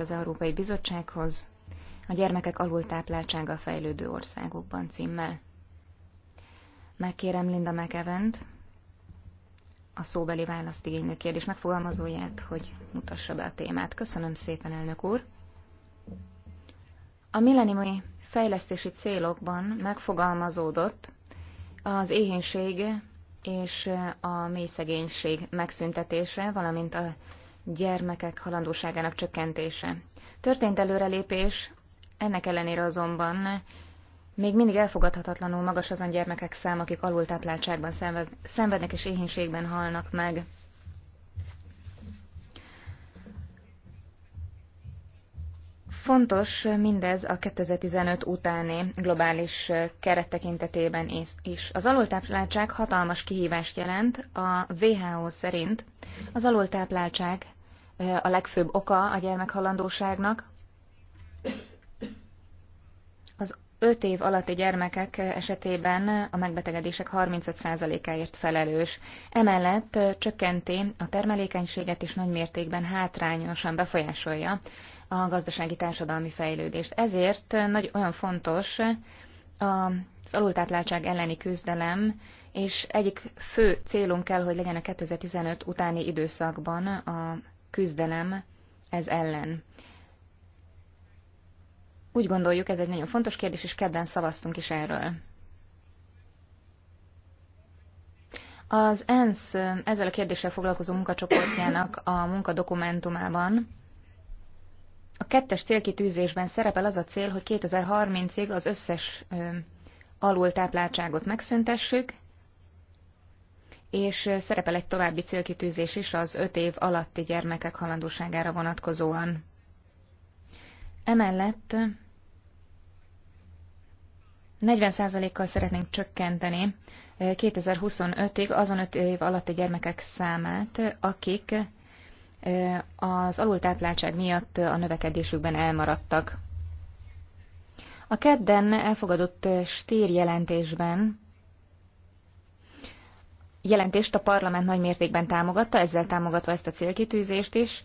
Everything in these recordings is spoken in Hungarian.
és az Európai Bizottsághoz a gyermekek alultápláltsága fejlődő országokban címmel. Megkérem Linda McEvent, a szóbeli választ igénylő kérdés megfogalmazóját, hogy mutassa be a témát. Köszönöm szépen, elnök úr! A millenniumi fejlesztési célokban megfogalmazódott az éhénység és a szegénység megszüntetése, valamint a gyermekek halandóságának csökkentése. Történt előrelépés, ennek ellenére azonban még mindig elfogadhatatlanul magas azon gyermekek szám, akik alultápláltságban szenvednek és éhénységben halnak meg. Fontos mindez a 2015 utáni globális keret tekintetében is. Az alultápláltság hatalmas kihívást jelent. A WHO szerint az alultápláltság Eh, a legfőbb oka a gyermekhalandóságnak. Az 5 év alatti gyermekek esetében a megbetegedések 35%-áért felelős. Emellett eh, csökkenti a termelékenységet és nagymértékben hátrányosan befolyásolja a gazdasági társadalmi fejlődést. Ezért eh, nagy, olyan fontos az alultápláltság elleni küzdelem, és egyik fő célunk kell, hogy legyen a 2015 utáni időszakban a küzdelem ez ellen. Úgy gondoljuk, ez egy nagyon fontos kérdés, és kedden szavaztunk is erről. Az ENSZ ezzel a kérdéssel foglalkozó munkacsoportjának a munkadokumentumában a kettes célkitűzésben szerepel az a cél, hogy 2030-ig az összes alultápláltságot megszüntessük, és szerepel egy további célkitűzés is az öt év alatti gyermekek halandóságára vonatkozóan. Emellett 40%-kal szeretnénk csökkenteni 2025-ig azon öt év alatti gyermekek számát, akik az alultápláltság miatt a növekedésükben elmaradtak. A kedden elfogadott stír jelentésben jelentést a parlament nagy mértékben támogatta, ezzel támogatva ezt a célkitűzést is,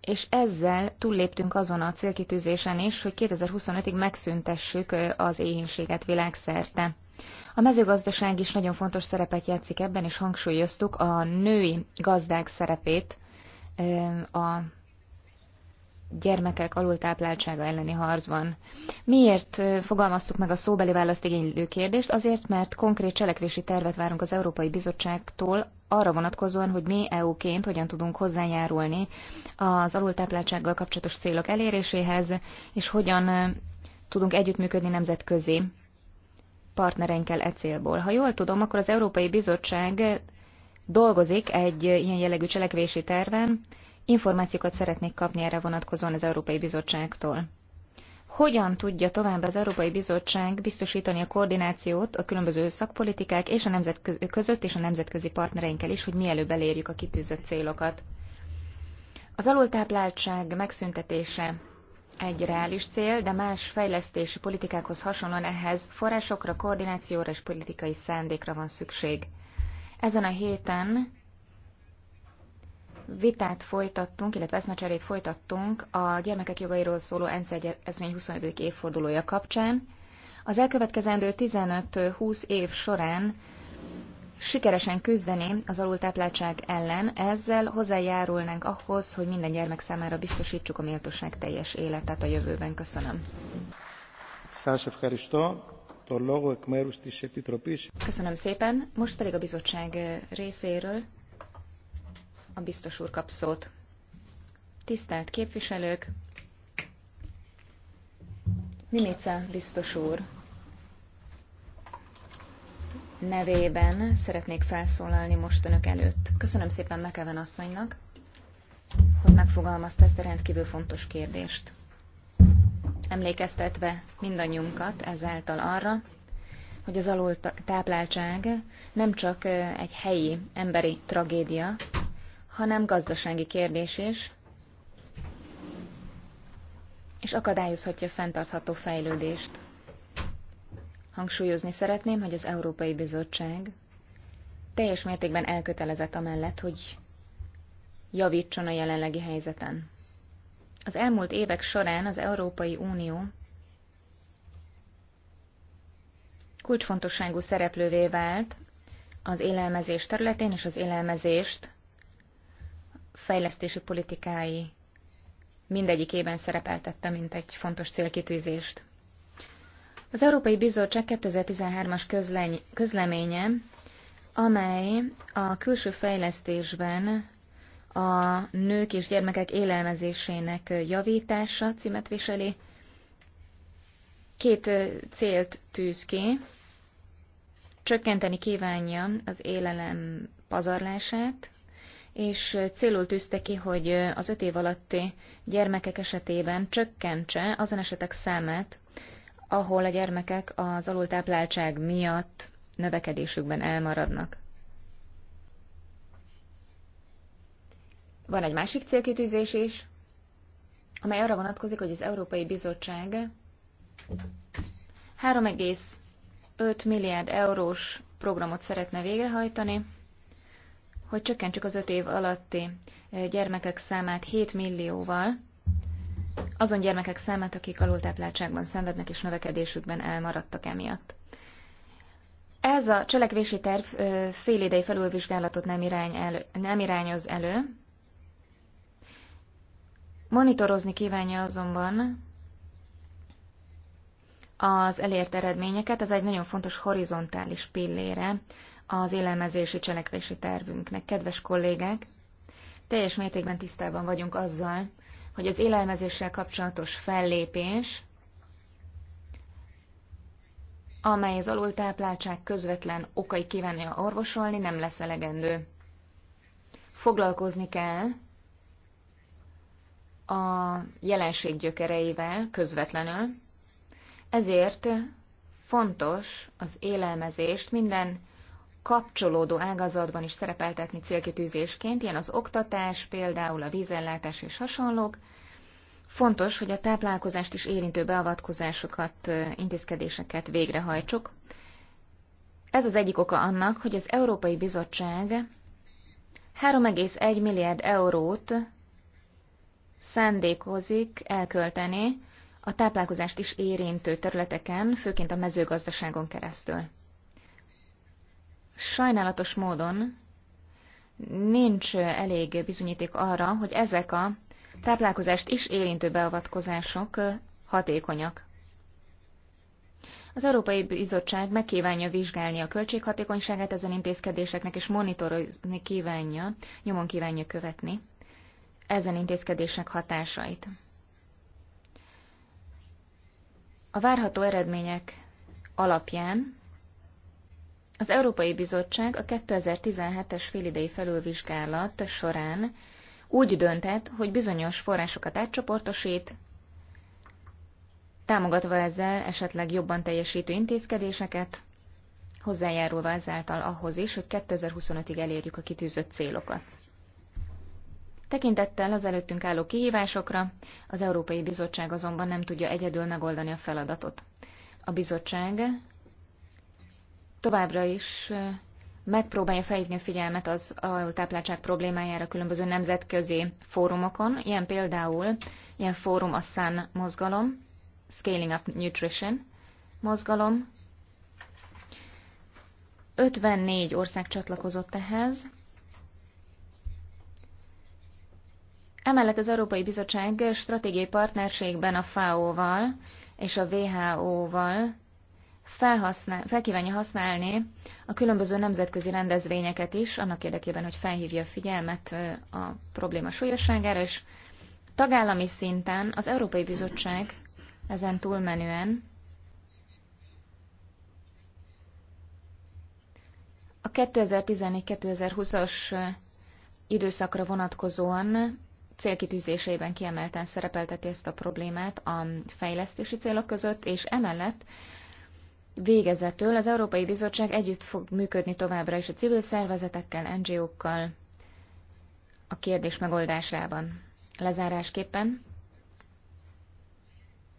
és ezzel túlléptünk azon a célkitűzésen is, hogy 2025-ig megszüntessük az éhénységet világszerte. A mezőgazdaság is nagyon fontos szerepet játszik ebben, és hangsúlyoztuk a női gazdák szerepét a gyermekek alultápláltsága elleni harcban. Miért fogalmaztuk meg a szóbeli választ igénylő kérdést? Azért, mert konkrét cselekvési tervet várunk az Európai Bizottságtól arra vonatkozóan, hogy mi EU-ként hogyan tudunk hozzájárulni az alultápláltsággal kapcsolatos célok eléréséhez, és hogyan tudunk együttműködni nemzetközi partnereinkkel e célból. Ha jól tudom, akkor az Európai Bizottság dolgozik egy ilyen jellegű cselekvési terven, Információkat szeretnék kapni erre vonatkozóan az Európai Bizottságtól. Hogyan tudja tovább az Európai Bizottság biztosítani a koordinációt a különböző szakpolitikák és a nemzetközi, között és a nemzetközi partnereinkkel is, hogy mielőbb elérjük a kitűzött célokat? Az alultápláltság megszüntetése egy reális cél, de más fejlesztési politikákhoz hasonlóan ehhez forrásokra, koordinációra és politikai szándékra van szükség. Ezen a héten vitát folytattunk, illetve eszmecserét folytattunk a gyermekek jogairól szóló ENSZ egyezmény 25. évfordulója kapcsán. Az elkövetkezendő 15-20 év során sikeresen küzdeni az alultápláltság ellen, ezzel hozzájárulnánk ahhoz, hogy minden gyermek számára biztosítsuk a méltóság teljes életet a jövőben. Köszönöm. Köszönöm szépen. Most pedig a bizottság részéről a biztos úr kap szót. Tisztelt képviselők! Mimica biztos úr nevében szeretnék felszólalni most önök előtt. Köszönöm szépen Mekeven asszonynak, hogy megfogalmazta ezt a rendkívül fontos kérdést. Emlékeztetve mindannyiunkat ezáltal arra, hogy az alul tápláltság nem csak egy helyi emberi tragédia, hanem gazdasági kérdés is, és akadályozhatja fenntartható fejlődést. Hangsúlyozni szeretném, hogy az Európai Bizottság teljes mértékben elkötelezett amellett, hogy javítson a jelenlegi helyzeten. Az elmúlt évek során az Európai Unió kulcsfontosságú szereplővé vált az élelmezés területén, és az élelmezést fejlesztési politikái mindegyikében szerepeltette, mint egy fontos célkitűzést. Az Európai Bizottság 2013-as közleménye, amely a külső fejlesztésben a nők és gyermekek élelmezésének javítása címet viseli, két célt tűz ki, csökkenteni kívánja az élelem pazarlását, és célul tűzte ki, hogy az öt év alatti gyermekek esetében csökkentse azon esetek számát, ahol a gyermekek az alultápláltság miatt növekedésükben elmaradnak. Van egy másik célkitűzés is, amely arra vonatkozik, hogy az Európai Bizottság 3,5 milliárd eurós programot szeretne végrehajtani, hogy csökkentsük az öt év alatti eh, gyermekek számát 7 millióval, azon gyermekek számát, akik alultápláltságban szenvednek és növekedésükben elmaradtak emiatt. Ez a cselekvési terv eh, félidei felülvizsgálatot nem, irány elő, nem irányoz elő. Monitorozni kívánja azonban az elért eredményeket, ez egy nagyon fontos horizontális pillére az élelmezési cselekvési tervünknek. Kedves kollégák, teljes mértékben tisztában vagyunk azzal, hogy az élelmezéssel kapcsolatos fellépés, amely az alultápláltság közvetlen okai kívánja orvosolni, nem lesz elegendő. Foglalkozni kell a jelenség gyökereivel közvetlenül, ezért fontos az élelmezést minden kapcsolódó ágazatban is szerepeltetni célkitűzésként, ilyen az oktatás, például a vízellátás és hasonlók. Fontos, hogy a táplálkozást is érintő beavatkozásokat, intézkedéseket végrehajtsuk. Ez az egyik oka annak, hogy az Európai Bizottság 3,1 milliárd eurót szándékozik elkölteni a táplálkozást is érintő területeken, főként a mezőgazdaságon keresztül sajnálatos módon nincs elég bizonyíték arra, hogy ezek a táplálkozást is érintő beavatkozások hatékonyak. Az Európai Bizottság megkívánja vizsgálni a költséghatékonyságát ezen intézkedéseknek, és monitorozni kívánja, nyomon kívánja követni ezen intézkedések hatásait. A várható eredmények alapján az Európai Bizottság a 2017-es félidei felülvizsgálat során úgy döntett, hogy bizonyos forrásokat átcsoportosít, támogatva ezzel esetleg jobban teljesítő intézkedéseket, hozzájárulva ezáltal ahhoz is, hogy 2025-ig elérjük a kitűzött célokat. Tekintettel az előttünk álló kihívásokra, az Európai Bizottság azonban nem tudja egyedül megoldani a feladatot. A bizottság továbbra is megpróbálja felhívni a figyelmet az alultápláltság problémájára különböző nemzetközi fórumokon, ilyen például, ilyen fórum a SUN mozgalom, Scaling Up Nutrition mozgalom. 54 ország csatlakozott ehhez. Emellett az Európai Bizottság stratégiai partnerségben a FAO-val és a WHO-val felhasznál, felkívánja használni a különböző nemzetközi rendezvényeket is, annak érdekében, hogy felhívja a figyelmet a probléma súlyosságára, és tagállami szinten az Európai Bizottság ezen túlmenően a 2014-2020-as időszakra vonatkozóan célkitűzéseiben kiemelten szerepelteti ezt a problémát a fejlesztési célok között, és emellett Végezetül az Európai Bizottság együtt fog működni továbbra is a civil szervezetekkel, NGO-kkal a kérdés megoldásában. Lezárásképpen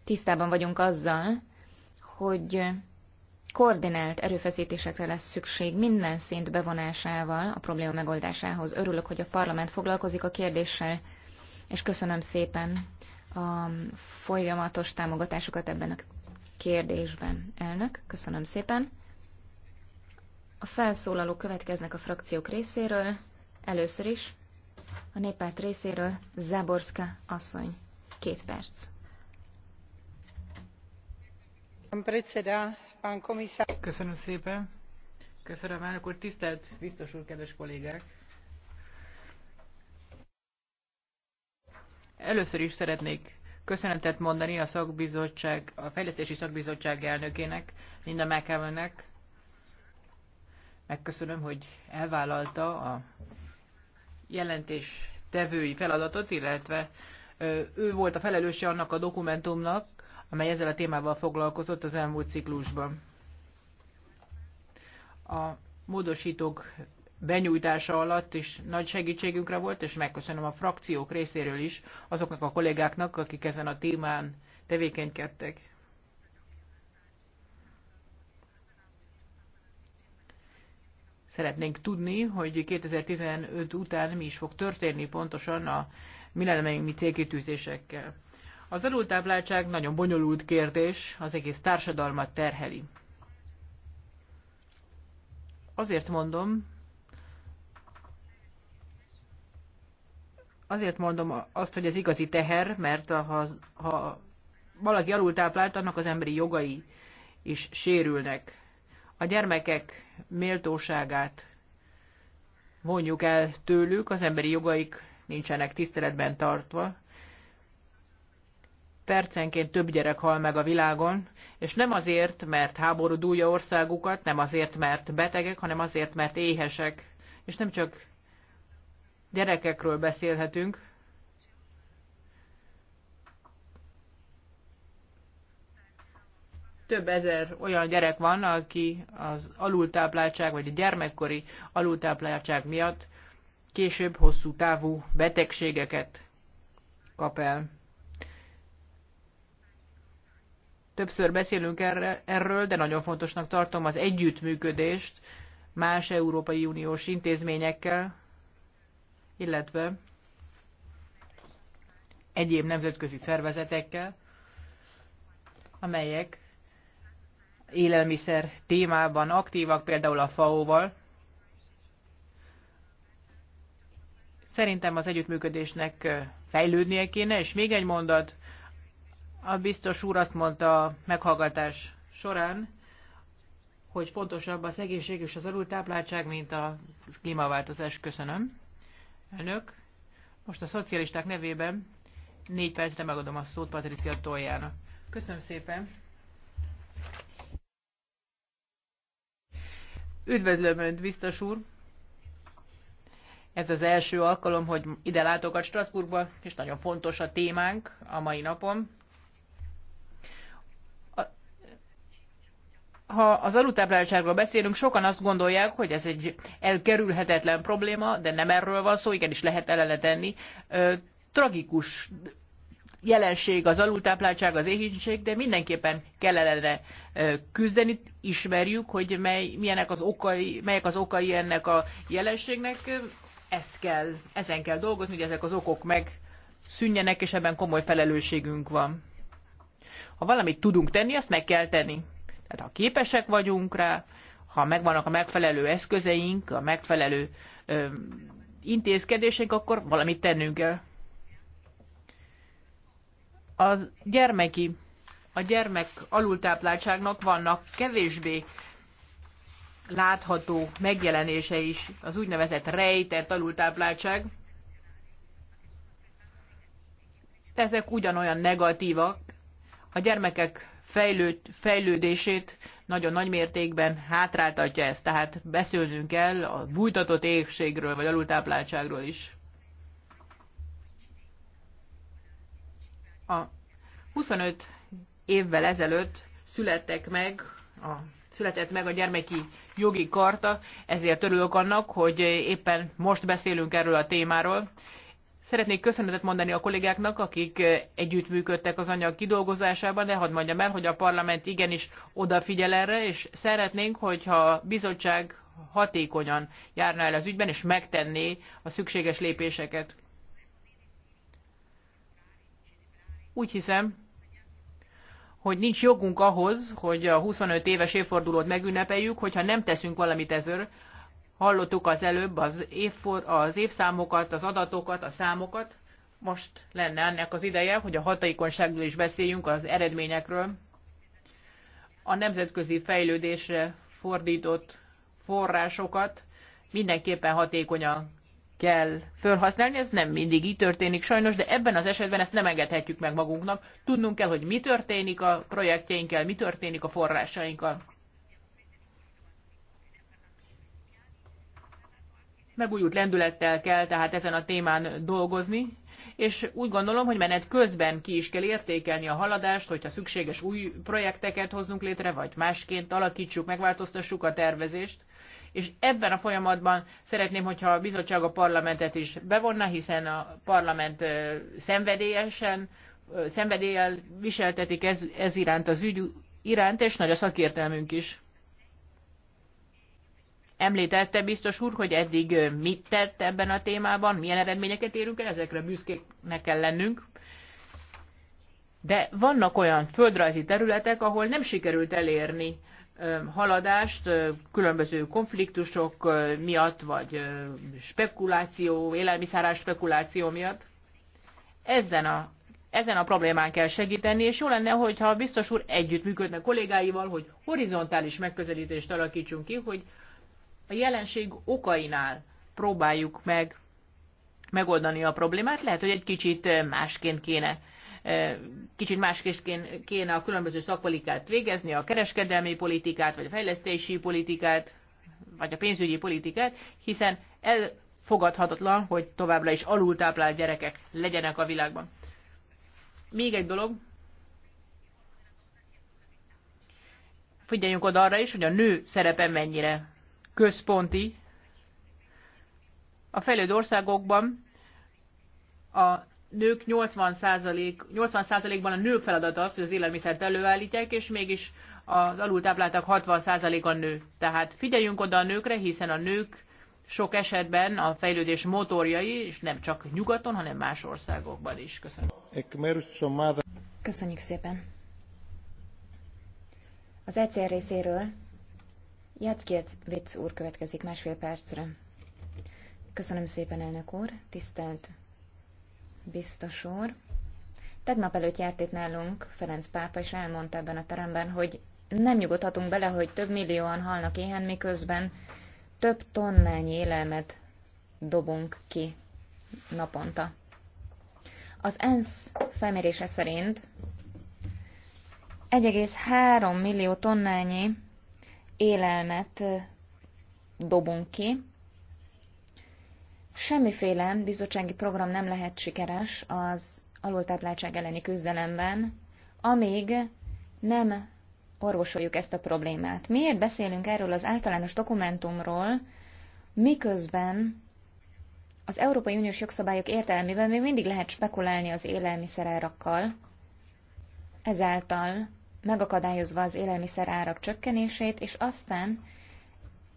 tisztában vagyunk azzal, hogy koordinált erőfeszítésekre lesz szükség minden szint bevonásával a probléma megoldásához. Örülök, hogy a parlament foglalkozik a kérdéssel, és köszönöm szépen a folyamatos támogatásukat ebben a kérdésben. Elnök, köszönöm szépen. A felszólalók következnek a frakciók részéről. Először is a néppárt részéről Záborszka asszony. Két perc. Köszönöm szépen. Köszönöm, elnök úr. Tisztelt biztos úr, kedves kollégák! Először is szeretnék köszönetet mondani a szakbizottság, a fejlesztési szakbizottság elnökének, Linda McEwennek. Megköszönöm, hogy elvállalta a jelentés tevői feladatot, illetve ő volt a felelőse annak a dokumentumnak, amely ezzel a témával foglalkozott az elmúlt ciklusban. A módosítók benyújtása alatt is nagy segítségünkre volt, és megköszönöm a frakciók részéről is azoknak a kollégáknak, akik ezen a témán tevékenykedtek. Szeretnénk tudni, hogy 2015 után mi is fog történni pontosan a mi célkitűzésekkel. Az alultápláltság nagyon bonyolult kérdés, az egész társadalmat terheli. Azért mondom, Azért mondom azt, hogy ez igazi teher, mert ha, ha valaki táplált, annak az emberi jogai is sérülnek. A gyermekek méltóságát vonjuk el tőlük, az emberi jogaik nincsenek tiszteletben tartva. Percenként több gyerek hal meg a világon, és nem azért, mert háború dúlja országukat, nem azért, mert betegek, hanem azért, mert éhesek, és nem csak gyerekekről beszélhetünk, több ezer olyan gyerek van, aki az alultápláltság vagy a gyermekkori alultápláltság miatt később hosszú távú betegségeket kap el. Többször beszélünk erről, de nagyon fontosnak tartom az együttműködést más Európai Uniós intézményekkel, illetve egyéb nemzetközi szervezetekkel, amelyek élelmiszer témában aktívak, például a FAO-val. Szerintem az együttműködésnek fejlődnie kéne, és még egy mondat, a biztos úr azt mondta a meghallgatás során, hogy fontosabb az egészség és az alultápláltság, mint a klímaváltozás. Köszönöm. Elnök, most a szocialisták nevében négy percre megadom a szót Patricia Toljának. Köszönöm szépen. Üdvözlöm Önt, biztos úr! Ez az első alkalom, hogy ide látok a Strasbourgba, és nagyon fontos a témánk a mai napon. ha az alultápláltságról beszélünk, sokan azt gondolják, hogy ez egy elkerülhetetlen probléma, de nem erről van szó, igenis lehet ellene tenni. Tragikus jelenség az alultápláltság, az éhínség, de mindenképpen kell ellene küzdeni. Ismerjük, hogy mely, milyenek az okai, melyek az okai ennek a jelenségnek. Ezt kell, ezen kell dolgozni, hogy ezek az okok meg szűnjenek, és ebben komoly felelősségünk van. Ha valamit tudunk tenni, azt meg kell tenni. Tehát ha képesek vagyunk rá, ha megvannak a megfelelő eszközeink, a megfelelő ö, intézkedések, akkor valamit tennünk kell. A gyermeki, a gyermek alultápláltságnak vannak kevésbé látható megjelenése is, az úgynevezett rejtett alultápláltság. Ezek ugyanolyan negatívak. A gyermekek fejlőd, fejlődését nagyon nagy mértékben hátráltatja ezt. Tehát beszélnünk kell a bújtatott égségről, vagy alultápláltságról is. A 25 évvel ezelőtt születtek meg a, született meg a gyermeki jogi karta, ezért örülök annak, hogy éppen most beszélünk erről a témáról. Szeretnék köszönetet mondani a kollégáknak, akik eh, együttműködtek az anyag kidolgozásában, de hadd mondjam el, hogy a parlament igenis odafigyel erre, és szeretnénk, hogyha a bizottság hatékonyan járna el az ügyben, és megtenné a szükséges lépéseket. Úgy hiszem, hogy nincs jogunk ahhoz, hogy a 25 éves évfordulót megünnepeljük, hogyha nem teszünk valamit ezért, hallottuk az előbb az, évfor, az évszámokat, az adatokat, a számokat. Most lenne ennek az ideje, hogy a hatékonyságról is beszéljünk, az eredményekről. A nemzetközi fejlődésre fordított forrásokat mindenképpen hatékonyan kell felhasználni. Ez nem mindig így történik sajnos, de ebben az esetben ezt nem engedhetjük meg magunknak. Tudnunk kell, hogy mi történik a projektjeinkkel, mi történik a forrásainkkal. Megújult lendülettel kell tehát ezen a témán dolgozni, és úgy gondolom, hogy menet közben ki is kell értékelni a haladást, hogyha szükséges új projekteket hozzunk létre, vagy másként alakítsuk, megváltoztassuk a tervezést. És ebben a folyamatban szeretném, hogyha a bizottság a parlamentet is bevonna, hiszen a parlament szenvedélyesen, szenvedéllyel viseltetik ez, ez iránt az ügy iránt, és nagy a szakértelmünk is. Említette biztos úr, hogy eddig mit tett ebben a témában, milyen eredményeket érünk el, ezekre büszkéknek kell lennünk. De vannak olyan földrajzi területek, ahol nem sikerült elérni haladást különböző konfliktusok miatt, vagy spekuláció, élelmiszárás spekuláció miatt. Ezen a, ezen a problémán kell segíteni, és jó lenne, hogyha biztos úr együttműködne kollégáival, hogy horizontális megközelítést alakítsunk ki, hogy a jelenség okainál próbáljuk meg megoldani a problémát. Lehet, hogy egy kicsit eh, másként kéne eh, kicsit másként kéne a különböző szakpolitikát végezni, a kereskedelmi politikát, vagy a fejlesztési politikát, vagy a pénzügyi politikát, hiszen elfogadhatatlan, hogy továbbra is alultáplált gyerekek legyenek a világban. Még egy dolog, figyeljünk oda arra is, hogy a nő szerepe mennyire központi. A fejlődő országokban a nők 80%, 80 a nők feladat az, hogy az élelmiszert előállítják, és mégis az alultápláltak 60%-a nő. Tehát figyeljünk oda a nőkre, hiszen a nők sok esetben a fejlődés motorjai, és nem csak nyugaton, hanem más országokban is. Köszönöm. Köszönjük szépen. Az ECR részéről Jackiec Vic úr következik másfél percre. Köszönöm szépen, elnök úr, tisztelt biztos úr. Tegnap előtt járt itt nálunk Ferenc pápa, és elmondta ebben a teremben, hogy nem nyugodhatunk bele, hogy több millióan halnak éhen, miközben több tonnányi élelmet dobunk ki naponta. Az ENSZ felmérése szerint 1,3 millió tonnányi élelmet dobunk ki. Semmiféle bizottsági program nem lehet sikeres az alultápláltság elleni küzdelemben, amíg nem orvosoljuk ezt a problémát. Miért beszélünk erről az általános dokumentumról, miközben az Európai Uniós jogszabályok értelmében még mindig lehet spekulálni az élelmiszerárakkal, ezáltal megakadályozva az élelmiszer árak csökkenését, és aztán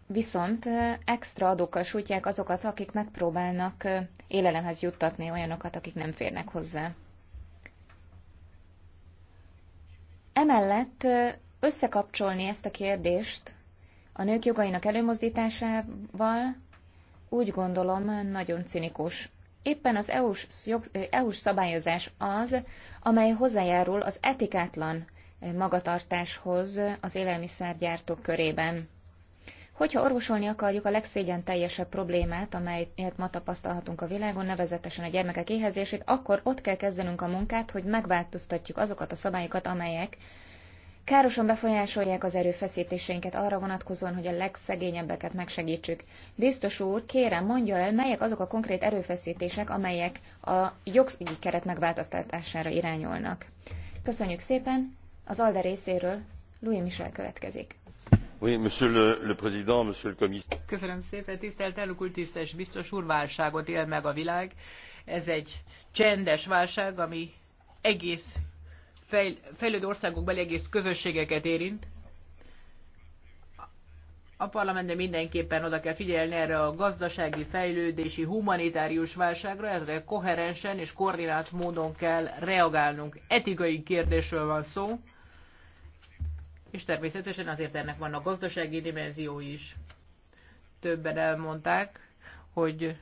viszont extra adókkal sújtják azokat, akik megpróbálnak élelemhez juttatni olyanokat, akik nem férnek hozzá. Emellett összekapcsolni ezt a kérdést a nők jogainak előmozdításával úgy gondolom nagyon cinikus. Éppen az EU-s, EU szabályozás az, amely hozzájárul az etikátlan magatartáshoz az élelmiszergyártók körében. Hogyha orvosolni akarjuk a legszégyen teljesebb problémát, amelyet ma tapasztalhatunk a világon, nevezetesen a gyermekek éhezését, akkor ott kell kezdenünk a munkát, hogy megváltoztatjuk azokat a szabályokat, amelyek károsan befolyásolják az erőfeszítéseinket arra vonatkozóan, hogy a legszegényebbeket megsegítsük. Biztos úr, kérem, mondja el, melyek azok a konkrét erőfeszítések, amelyek a jogszügyi keret megváltoztatására irányolnak. Köszönjük szépen! Az ALDE részéről Louis Michel következik. Oui, monsieur le, le président, monsieur le commissaire. Köszönöm szépen, tisztelt elnök úr, tisztelt biztos úr, válságot él meg a világ. Ez egy csendes válság, ami egész fejl fejlődő országokbeli egész közösségeket érint a parlamentben mindenképpen oda kell figyelni erre a gazdasági, fejlődési, humanitárius válságra, ezre koherensen és koordinált módon kell reagálnunk. Etikai kérdésről van szó és természetesen azért ennek a gazdasági dimenzió is. Többen elmondták, hogy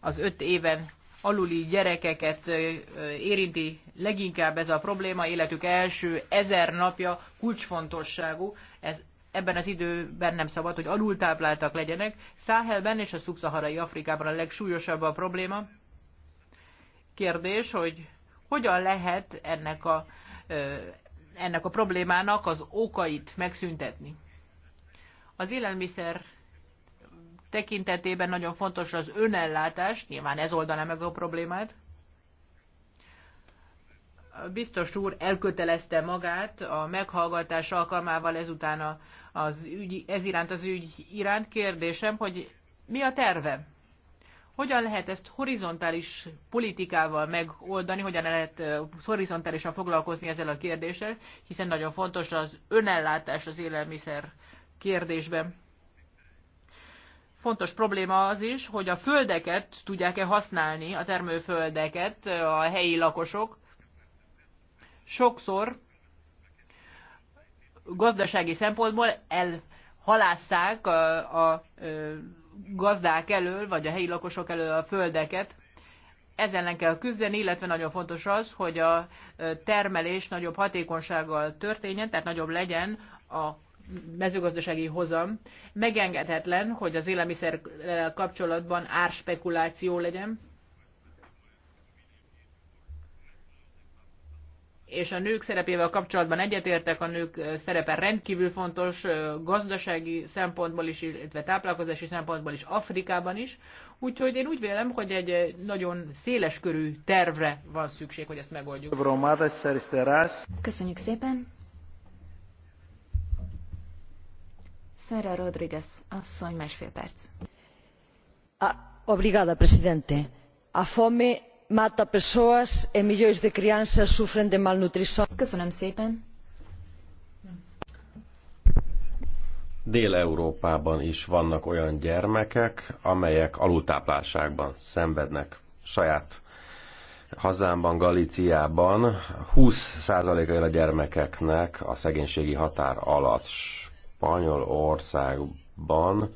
az öt éven aluli gyerekeket érinti leginkább ez a probléma, életük első ezer napja kulcsfontosságú. Ez, ebben az időben nem szabad, hogy alultápláltak legyenek. Száhelben és a szubszaharai Afrikában a legsúlyosabb a probléma. Kérdés, hogy hogyan lehet ennek a ennek a problémának az okait megszüntetni. Az élelmiszer tekintetében nagyon fontos az önellátás, nyilván ez oldaná meg a problémát. A biztos úr elkötelezte magát a meghallgatás alkalmával ezután az ügy, ez iránt az ügy iránt. Kérdésem, hogy mi a terve? Hogyan lehet ezt horizontális politikával megoldani, hogyan lehet horizontálisan foglalkozni ezzel a kérdéssel, hiszen nagyon fontos az önellátás az élelmiszer kérdésben. Fontos probléma az is, hogy a földeket tudják-e használni, a termőföldeket a helyi lakosok. Sokszor gazdasági szempontból elhalásszák a, a, a gazdák elől, vagy a helyi lakosok elől a földeket. Ez ellen kell küzdeni, illetve nagyon fontos az, hogy a termelés nagyobb hatékonysággal történjen, tehát nagyobb legyen a mezőgazdasági hozam. Megengedhetlen, hogy az élelmiszerrel kapcsolatban árspekuláció legyen, és a nők szerepével kapcsolatban egyetértek, a nők szerepe rendkívül fontos gazdasági szempontból is, illetve táplálkozási szempontból is, Afrikában is. Úgyhogy én úgy vélem, hogy egy nagyon széles körű tervre van szükség, hogy ezt megoldjuk. Köszönjük szépen! Sara Rodriguez, asszony, másfél perc. A, ah, obrigada, presidente. A fome mata pessoas e milhões de crianças sofrem de malnutrição. Dél-Európában is vannak olyan gyermekek, amelyek alultápláltságban szenvednek. Saját hazámban, Galíciában 20%-a a gyermekeknek a szegénységi határ alatt. Spanyolországban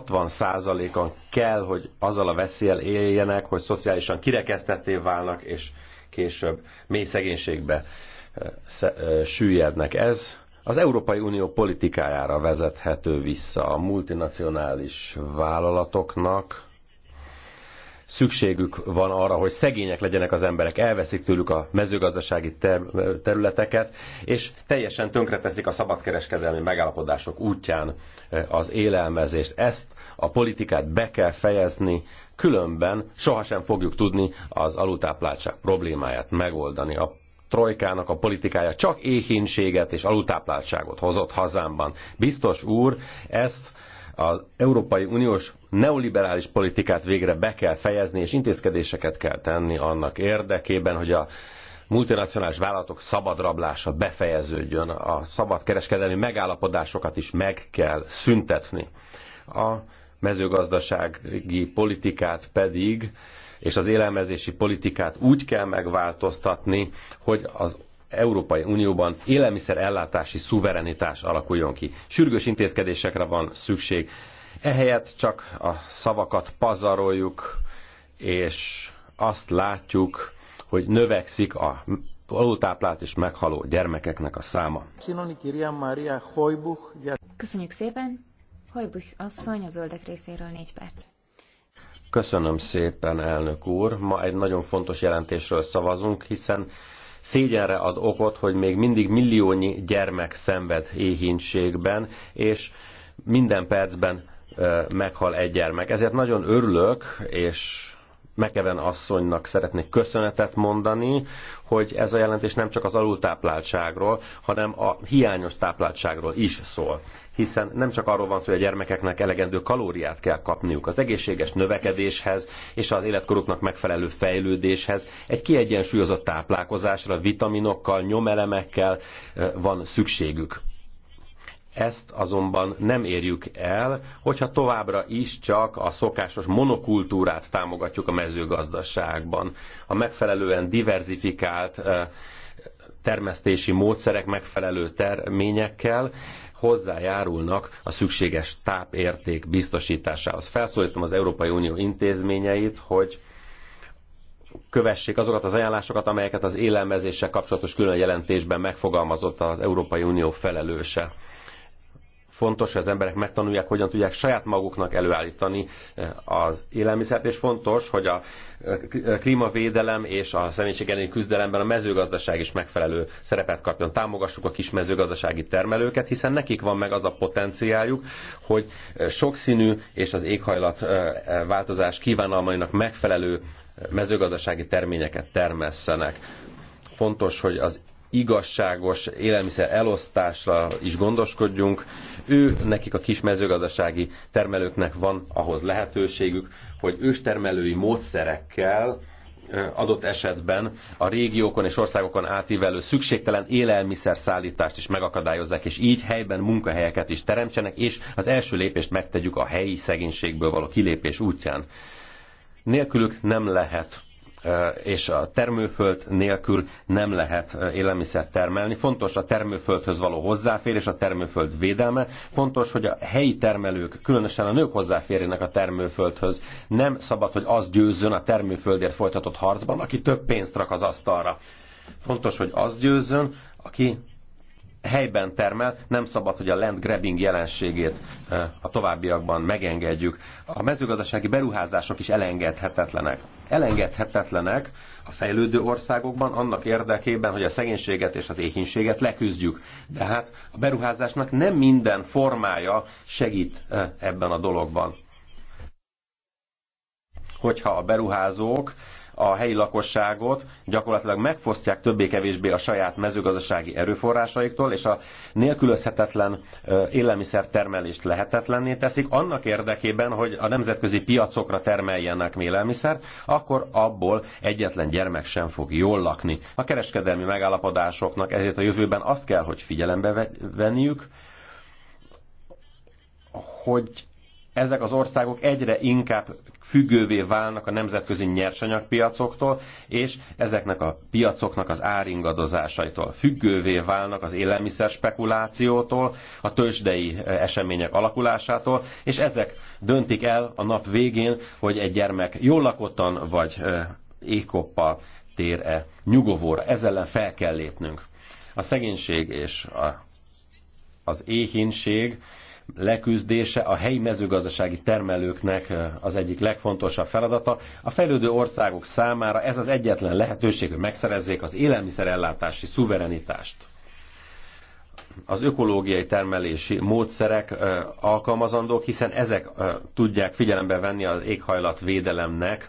60%-an kell, hogy azzal a veszélyel éljenek, hogy szociálisan kirekesztetté válnak, és később mély szegénységbe süllyednek. Ez az Európai Unió politikájára vezethető vissza a multinacionális vállalatoknak, szükségük van arra, hogy szegények legyenek az emberek, elveszik tőlük a mezőgazdasági területeket, és teljesen tönkreteszik a szabadkereskedelmi megállapodások útján eh, az élelmezést. Ezt a politikát be kell fejezni, különben sohasem fogjuk tudni az alultápláltság problémáját megoldani. A trojkának a politikája csak éhínséget és alultápláltságot hozott hazámban. Biztos úr, ezt az Európai Uniós neoliberális politikát végre be kell fejezni, és intézkedéseket kell tenni annak érdekében, hogy a multinacionális vállalatok szabad rablása befejeződjön, a szabad kereskedelmi megállapodásokat is meg kell szüntetni. A mezőgazdasági politikát pedig és az élelmezési politikát úgy kell megváltoztatni, hogy az Európai Unióban élelmiszer ellátási szuverenitás alakuljon ki. Sürgős intézkedésekre van szükség. Ehelyett csak a szavakat pazaroljuk, és azt látjuk, hogy növekszik a alultáplált és meghaló gyermekeknek a száma. Köszönjük szépen! Hojbuch asszony a zöldek részéről négy perc. Köszönöm szépen, elnök úr. Ma egy nagyon fontos jelentésről szavazunk, hiszen Szégyenre ad okot, hogy még mindig milliónyi gyermek szenved éhínségben, és minden percben meghal egy gyermek. Ezért nagyon örülök, és Mekeven asszonynak szeretnék köszönetet mondani, hogy ez a jelentés nem csak az alultápláltságról, hanem a hiányos tápláltságról is szól hiszen nem csak arról van szó, hogy a gyermekeknek elegendő kalóriát kell kapniuk az egészséges növekedéshez és az életkoruknak megfelelő fejlődéshez. Egy kiegyensúlyozott táplálkozásra, vitaminokkal, nyomelemekkel van szükségük. Ezt azonban nem érjük el, hogyha továbbra is csak a szokásos monokultúrát támogatjuk a mezőgazdaságban. A megfelelően diverzifikált termesztési módszerek megfelelő terményekkel hozzájárulnak a szükséges tápérték biztosításához. Felszólítom az Európai Unió intézményeit, hogy kövessék azokat az ajánlásokat, amelyeket az élelmezéssel kapcsolatos külön jelentésben megfogalmazott az Európai Unió felelőse. Fontos, hogy az emberek megtanulják, hogyan tudják saját maguknak előállítani eh, az élelmiszert, és fontos, hogy a eh, eh, klímavédelem és a személyiségeni elleni küzdelemben a mezőgazdaság is megfelelő szerepet kapjon. Támogassuk a kis mezőgazdasági termelőket, hiszen nekik van meg az a potenciáljuk, hogy sokszínű és az éghajlat változás kívánalmainak megfelelő mezőgazdasági terményeket termesszenek. Fontos, hogy az igazságos élelmiszer elosztásra is gondoskodjunk. Ő, nekik a kis mezőgazdasági termelőknek van ahhoz lehetőségük, hogy őstermelői módszerekkel adott esetben a régiókon és országokon átívelő szükségtelen élelmiszer szállítást is megakadályozzák, és így helyben munkahelyeket is teremtsenek, és az első lépést megtegyük a helyi szegénységből való kilépés útján. Nélkülük nem lehet és a termőföld nélkül nem lehet élelmiszert termelni. Fontos a termőföldhöz való hozzáférés, a termőföld védelme. Fontos, hogy a helyi termelők, különösen a nők hozzáférjenek a termőföldhöz. Nem szabad, hogy az győzzön a termőföldért folytatott harcban, aki több pénzt rak az asztalra. Fontos, hogy az győzzön, aki helyben termel, nem szabad, hogy a land grabbing jelenségét a továbbiakban megengedjük. A mezőgazdasági beruházások is elengedhetetlenek. Elengedhetetlenek a fejlődő országokban annak érdekében, hogy a szegénységet és az éhínséget leküzdjük. De hát a beruházásnak nem minden formája segít ebben a dologban. Hogyha a beruházók a helyi lakosságot gyakorlatilag megfosztják többé-kevésbé a saját mezőgazdasági erőforrásaiktól, és a nélkülözhetetlen élelmiszertermelést lehetetlenné teszik, annak érdekében, hogy a nemzetközi piacokra termeljenek élelmiszert, akkor abból egyetlen gyermek sem fog jól lakni. A kereskedelmi megállapodásoknak ezért a jövőben azt kell, hogy figyelembe venniük, hogy ezek az országok egyre inkább függővé válnak a nemzetközi nyersanyagpiacoktól, és ezeknek a piacoknak az áringadozásaitól. Függővé válnak az élelmiszer spekulációtól, a tőzsdei eh, események alakulásától, és ezek döntik el a nap végén, hogy egy gyermek jól lakottan vagy eh, ékoppal tér-e nyugovóra. Ezzel ellen fel kell lépnünk. A szegénység és a, az éhínség leküzdése a helyi mezőgazdasági termelőknek az egyik legfontosabb feladata. A fejlődő országok számára ez az egyetlen lehetőség, hogy megszerezzék az élelmiszerellátási szuverenitást az ökológiai termelési módszerek alkalmazandók, hiszen ezek tudják figyelembe venni az éghajlatvédelemnek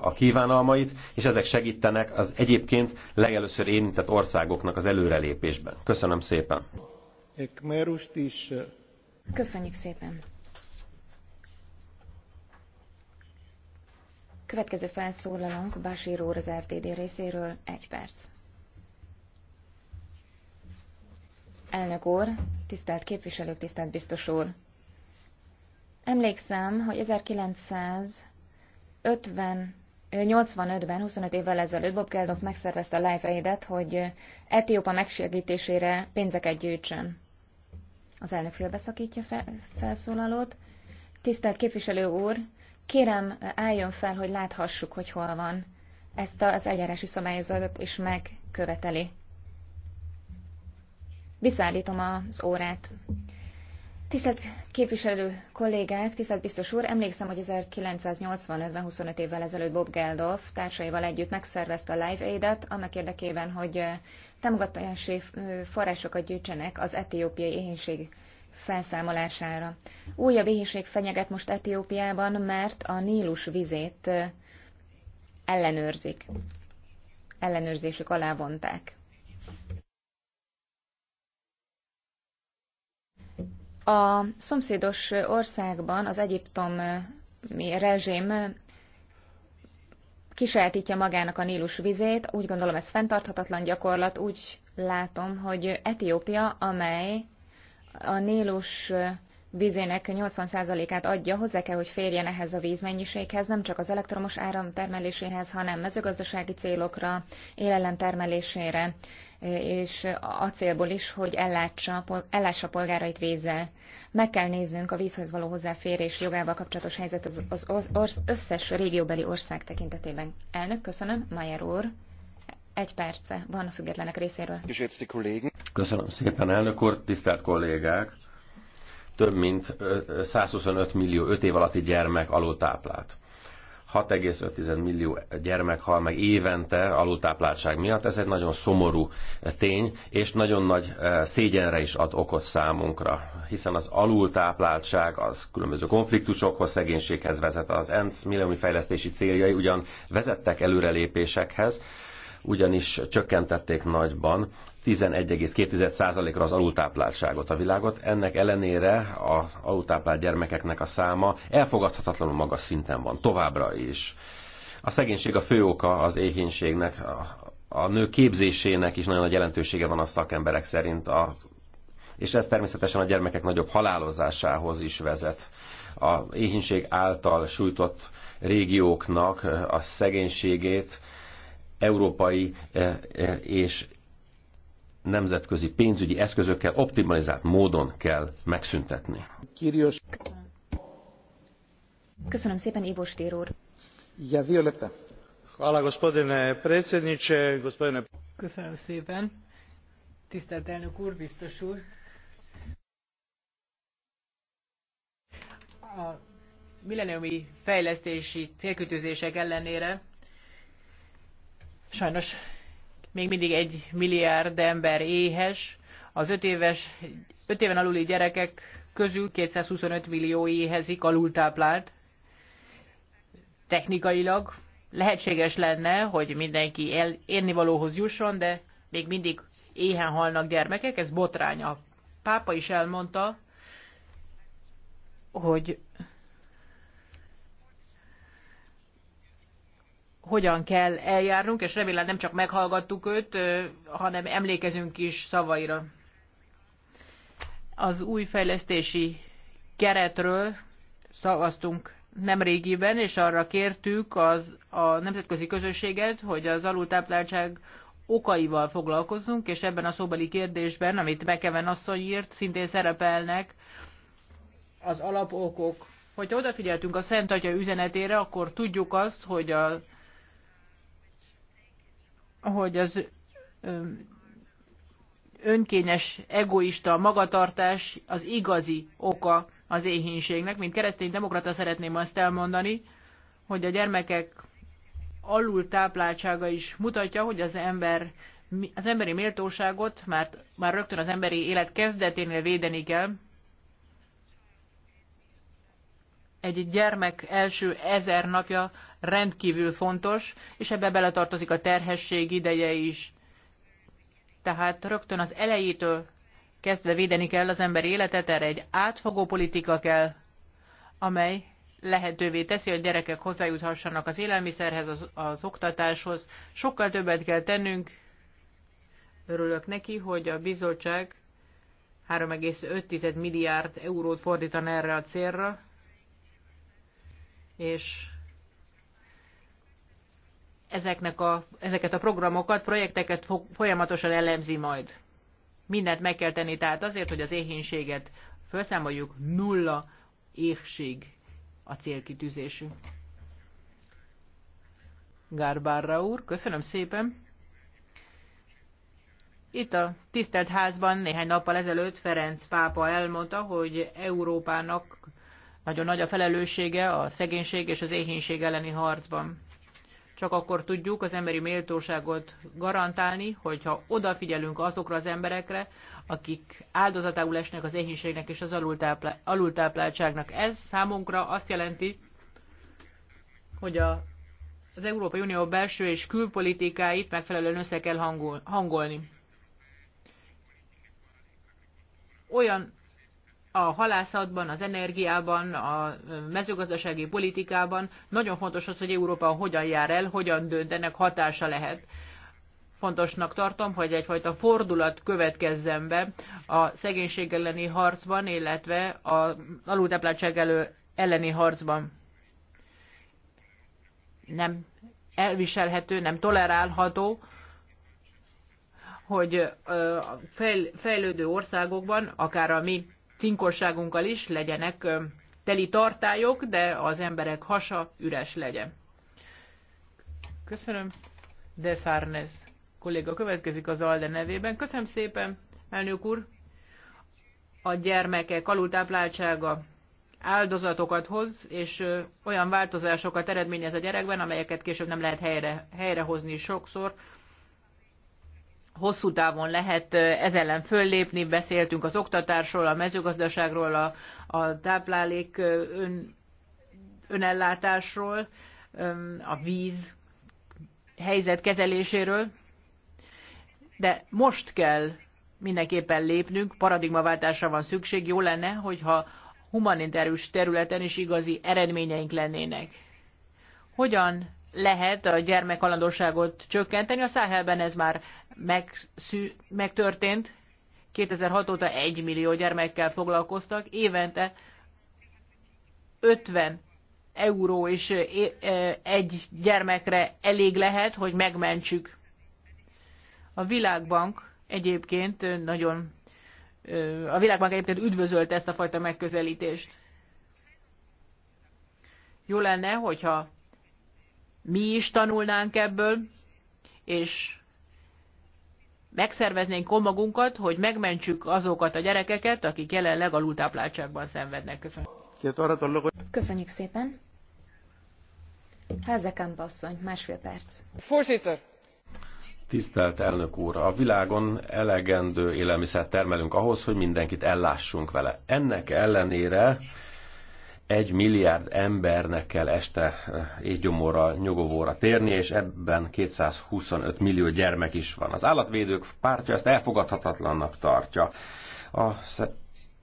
a kívánalmait, és ezek segítenek az egyébként legelőször érintett országoknak az előrelépésben. Köszönöm szépen! Ekmerust is Köszönjük szépen! Következő felszólalónk Básír úr az FDD részéről, egy perc. Elnök úr, tisztelt képviselők, tisztelt biztos úr! Emlékszem, hogy 1950 85-ben, 25 évvel ezelőtt Bob Geldof megszervezte a Live Aid-et, hogy Etiópa megsegítésére pénzeket gyűjtsön. Az elnök félbeszakítja fe, felszólalót. Tisztelt képviselő úr, kérem álljon fel, hogy láthassuk, hogy hol van. Ezt az eljárási szabályozatot is megköveteli. Visszaállítom az órát. Tisztelt képviselő kollégák, tisztelt biztos úr, emlékszem, hogy 1985-ben, 25 évvel ezelőtt Bob Geldof társaival együtt megszervezte a Live Aid-et, annak érdekében, hogy támogatási forrásokat gyűjtsenek az etiópiai éhénység felszámolására. Újabb éhénység fenyeget most Etiópiában, mert a Nílus vizét ellenőrzik. Ellenőrzésük alá vonták. A szomszédos országban az egyiptomi rezsim kisajátítja magának a Nílus vizét, úgy gondolom ez fenntarthatatlan gyakorlat, úgy látom, hogy Etiópia, amely a Nílus vízének 80%-át adja, hozzá kell, hogy férjen ehhez a vízmennyiséghez, nem csak az elektromos áram termeléséhez, hanem mezőgazdasági célokra, élelem termelésére, és a célból is, hogy ellátsa, ellássa polgárait vízzel. Meg kell néznünk a vízhez való hozzáférés jogával kapcsolatos helyzet az, az, az, az összes régióbeli ország tekintetében. Elnök, köszönöm, Mayer úr. Egy perce van a függetlenek részéről. Köszönöm szépen, elnök úr, tisztelt kollégák! több mint 125 millió 5 év alatti gyermek alultáplált. 6,5 millió gyermek hal meg évente alultápláltság miatt. Ez egy nagyon szomorú tény, és nagyon nagy szégyenre is ad okot számunkra, hiszen az alultápláltság az különböző konfliktusokhoz, szegénységhez vezet. Az ENSZ milliómi fejlesztési céljai ugyan vezettek előrelépésekhez, ugyanis csökkentették nagyban 11,2%-ra az alultápláltságot a világot. Ennek ellenére az alultáplált gyermekeknek a száma elfogadhatatlanul magas szinten van továbbra is. A szegénység a fő oka az éhénységnek, a, a nő képzésének is nagyon nagy jelentősége van a szakemberek szerint, a, és ez természetesen a gyermekek nagyobb halálozásához is vezet. A éhénység által sújtott régióknak a szegénységét európai e, e, és nemzetközi pénzügyi eszközökkel optimalizált módon kell megszüntetni. Kirios. Köszönöm. Köszönöm szépen, Ivo Stér úr. Ja, Violetta. Hvala, gospodine predsjedniče, gospodine... Köszönöm szépen. Tisztelt elnök úr, biztos úr. A milleniumi fejlesztési célkütőzések ellenére sajnos még mindig egy milliárd ember éhes, az öt, éves, öt éven aluli gyerekek közül 225 millió éhezik alultáplált. Technikailag lehetséges lenne, hogy mindenki el, érnivalóhoz jusson, de még mindig éhen halnak gyermekek, ez botrány. A pápa is elmondta, hogy hogyan kell eljárnunk, és remélem nem csak meghallgattuk őt, hanem emlékezünk is szavaira. Az új fejlesztési keretről szavaztunk nemrégiben, és arra kértük az, a nemzetközi közösséget, hogy az alultápláltság okaival foglalkozzunk, és ebben a szóbeli kérdésben, amit Bekeven asszony írt, szintén szerepelnek az alapokok. Hogyha odafigyeltünk a Szent Atya üzenetére, akkor tudjuk azt, hogy a hogy az önkényes, egoista magatartás az igazi oka az éhínségnek. Mint keresztény demokrata szeretném azt elmondani, hogy a gyermekek alul tápláltsága is mutatja, hogy az ember az emberi méltóságot már, már rögtön az emberi élet kezdeténél védeni kell, egy gyermek első ezer napja rendkívül fontos, és ebbe beletartozik a terhesség ideje is. Tehát rögtön az elejétől kezdve védeni kell az ember életet, erre egy átfogó politika kell, amely lehetővé teszi, hogy gyerekek hozzájuthassanak az élelmiszerhez, az, az oktatáshoz. Sokkal többet kell tennünk. Örülök neki, hogy a bizottság 3,5 milliárd eurót fordítan erre a célra és ezeknek a, ezeket a programokat, projekteket folyamatosan elemzi majd. Mindent meg kell tenni, tehát azért, hogy az éhénységet felszámoljuk, nulla éhség a célkitűzésünk. Gárbárra úr, köszönöm szépen. Itt a tisztelt házban néhány nappal ezelőtt Ferenc pápa elmondta, hogy Európának nagyon nagy a felelőssége a szegénység és az éhénység elleni harcban. Csak akkor tudjuk az emberi méltóságot garantálni, hogyha odafigyelünk azokra az emberekre, akik áldozatául esnek az éhénységnek és az alultápláltságnak. Ez számunkra azt jelenti, hogy a, az Európai Unió belső és külpolitikáit megfelelően össze kell hangol, hangolni. Olyan a halászatban, az energiában, a mezőgazdasági politikában. Nagyon fontos az, hogy Európa hogyan jár el, hogyan dönt, ennek hatása lehet. Fontosnak tartom, hogy egyfajta fordulat következzen be a szegénység elleni harcban, illetve a alulteplátság elő elleni harcban. Nem elviselhető, nem tolerálható, hogy fejlődő országokban, akár a mi cinkorságunkkal is legyenek teli tartályok, de az emberek hasa üres legyen. Köszönöm. De Sarnez kolléga következik az ALDE nevében. Köszönöm szépen, elnök úr. A gyermekek alultápláltsága áldozatokat hoz, és olyan változásokat eredményez a gyerekben, amelyeket később nem lehet helyre, helyrehozni sokszor hosszú távon lehet ez ellen föllépni. Beszéltünk az oktatásról, a mezőgazdaságról, a, a táplálék ön, önellátásról, a víz helyzet kezeléséről. De most kell mindenképpen lépnünk, paradigmaváltásra van szükség. Jó lenne, hogyha humanitárius területen is igazi eredményeink lennének. Hogyan lehet a gyermekhalandóságot csökkenteni. A Száhelben ez már megszű, megtörtént. 2006 óta 1 millió gyermekkel foglalkoztak. Évente 50 euró is e, e, egy gyermekre elég lehet, hogy megmentsük. A Világbank egyébként nagyon e, a Világbank egyébként üdvözölte ezt a fajta megközelítést. Jó lenne, hogyha mi is tanulnánk ebből, és megszerveznénk komagunkat, hogy megmentsük azokat a gyerekeket, akik jelenleg alultápláltságban szenvednek. Köszönöm. Köszönjük szépen. Házekem basszony, másfél perc. Voorzitter. Tisztelt elnök úr, a világon elegendő élelmiszert termelünk ahhoz, hogy mindenkit ellássunk vele. Ennek ellenére egy milliárd embernek kell este eh, éggyomorra nyugovóra térni, és ebben 225 millió gyermek is van. Az állatvédők pártja ezt elfogadhatatlannak tartja. A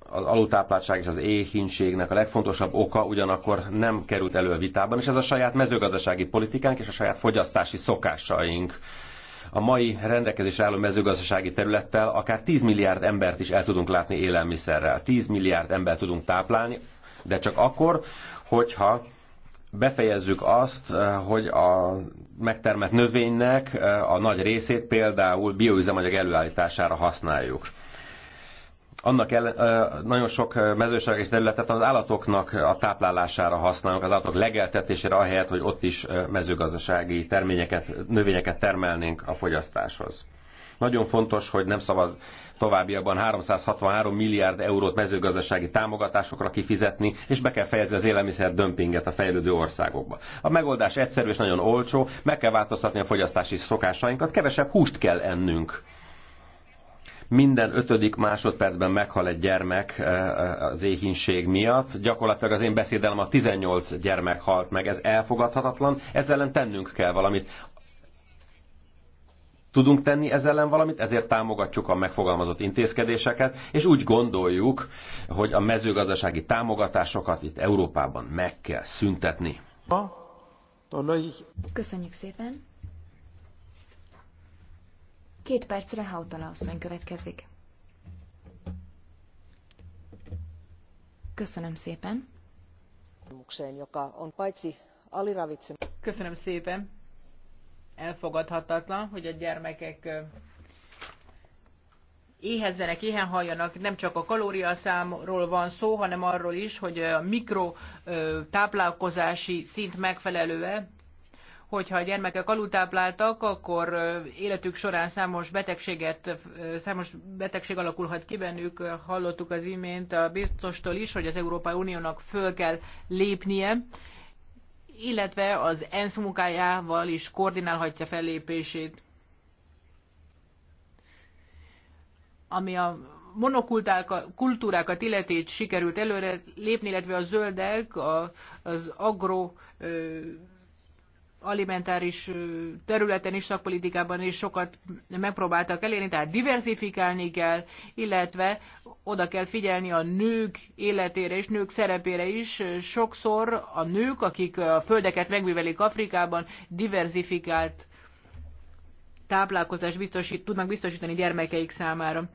az alultápláltság és az éhínségnek a legfontosabb oka ugyanakkor nem került elő a vitában, és ez a saját mezőgazdasági politikánk és a saját fogyasztási szokásaink. A mai rendelkezésre álló mezőgazdasági területtel akár 10 milliárd embert is el tudunk látni élelmiszerrel. 10 milliárd embert tudunk táplálni, de csak akkor, hogyha befejezzük azt, eh, hogy a megtermett növénynek eh, a nagy részét például bioüzemanyag előállítására használjuk annak ellen, eh, nagyon sok mezőség és területet az állatoknak a táplálására használunk, az állatok legeltetésére, ahelyett, hogy ott is mezőgazdasági terményeket, növényeket termelnénk a fogyasztáshoz. Nagyon fontos, hogy nem szabad továbbiakban 363 milliárd eurót mezőgazdasági támogatásokra kifizetni, és be kell fejezni az élelmiszer dömpinget a fejlődő országokba. A megoldás egyszerű és nagyon olcsó, meg kell változtatni a fogyasztási szokásainkat, kevesebb húst kell ennünk minden ötödik másodpercben meghal egy gyermek eh, eh, az éhínség miatt. Gyakorlatilag az én beszédelem a 18 gyermek halt meg. Ez elfogadhatatlan, ezzel ellen tennünk kell valamit tudunk tenni ezzel ellen valamit, ezért támogatjuk a megfogalmazott intézkedéseket, és úgy gondoljuk, hogy a mezőgazdasági támogatásokat itt Európában meg kell szüntetni. Köszönjük szépen! Két percre Hautala asszony következik. Köszönöm szépen! Köszönöm szépen! elfogadhatatlan, hogy a gyermekek éhezzenek, éhen halljanak, nem csak a kalóriaszámról van szó, hanem arról is, hogy a mikro táplálkozási szint megfelelőe. hogyha a gyermekek alultápláltak, akkor életük során számos betegséget, számos betegség alakulhat ki bennük. Hallottuk az imént a biztostól is, hogy az Európai Uniónak föl kell lépnie illetve az ENSZ munkájával is koordinálhatja fellépését. Ami a monokultúrákat illeti sikerült előre lépni, illetve a zöldek az agro alimentáris területen is, szakpolitikában is sokat megpróbáltak elérni, tehát diversifikálni kell, illetve oda kell figyelni a nők életére és nők szerepére is. Sokszor a nők, akik a földeket megművelik Afrikában, diversifikált táplálkozást biztosít, tudnak biztosítani gyermekeik számára.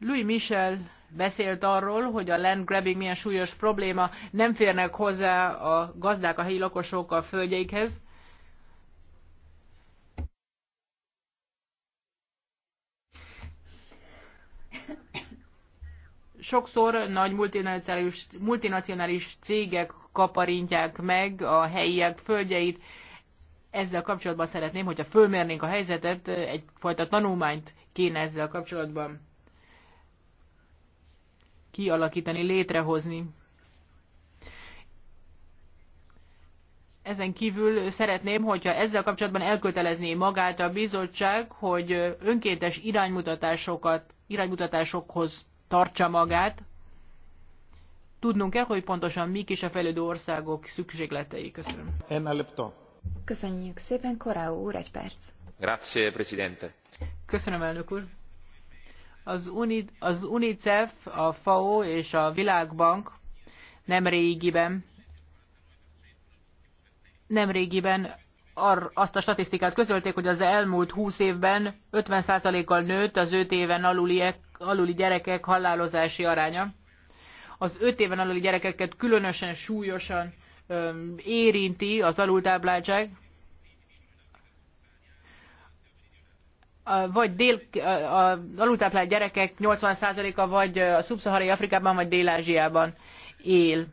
Louis Michel beszélt arról, hogy a land grabbing milyen súlyos probléma, nem férnek hozzá a gazdák, a helyi lakosok a földjeikhez. Sokszor nagy multinacionális, multinacionális cégek kaparintják meg a helyiek földjeit, ezzel kapcsolatban szeretném, hogyha fölmérnénk a helyzetet, egyfajta tanulmányt kéne ezzel kapcsolatban kialakítani, létrehozni. Ezen kívül szeretném, hogyha ezzel kapcsolatban elkötelezné magát a bizottság, hogy önkéntes iránymutatásokat, iránymutatásokhoz tartsa magát. Tudnunk kell, hogy pontosan mik is a fejlődő országok szükségletei. Köszönöm. Köszönjük szépen, Korau úr, egy perc. Grazie, Presidente. Köszönöm, elnök úr. Az, UNI, az UNICEF, a FAO és a Világbank nem régiben, nem régiben ar, azt a statisztikát közölték, hogy az elmúlt 20 évben 50%-kal nőtt az 5 éven aluliek, aluli gyerekek halálozási aránya. Az 5 éven aluli gyerekeket különösen súlyosan öm, érinti az alultápláltság. vagy dél, a alultáplált gyerekek 80%-a vagy a szubszaharai Afrikában, vagy Dél-Ázsiában él.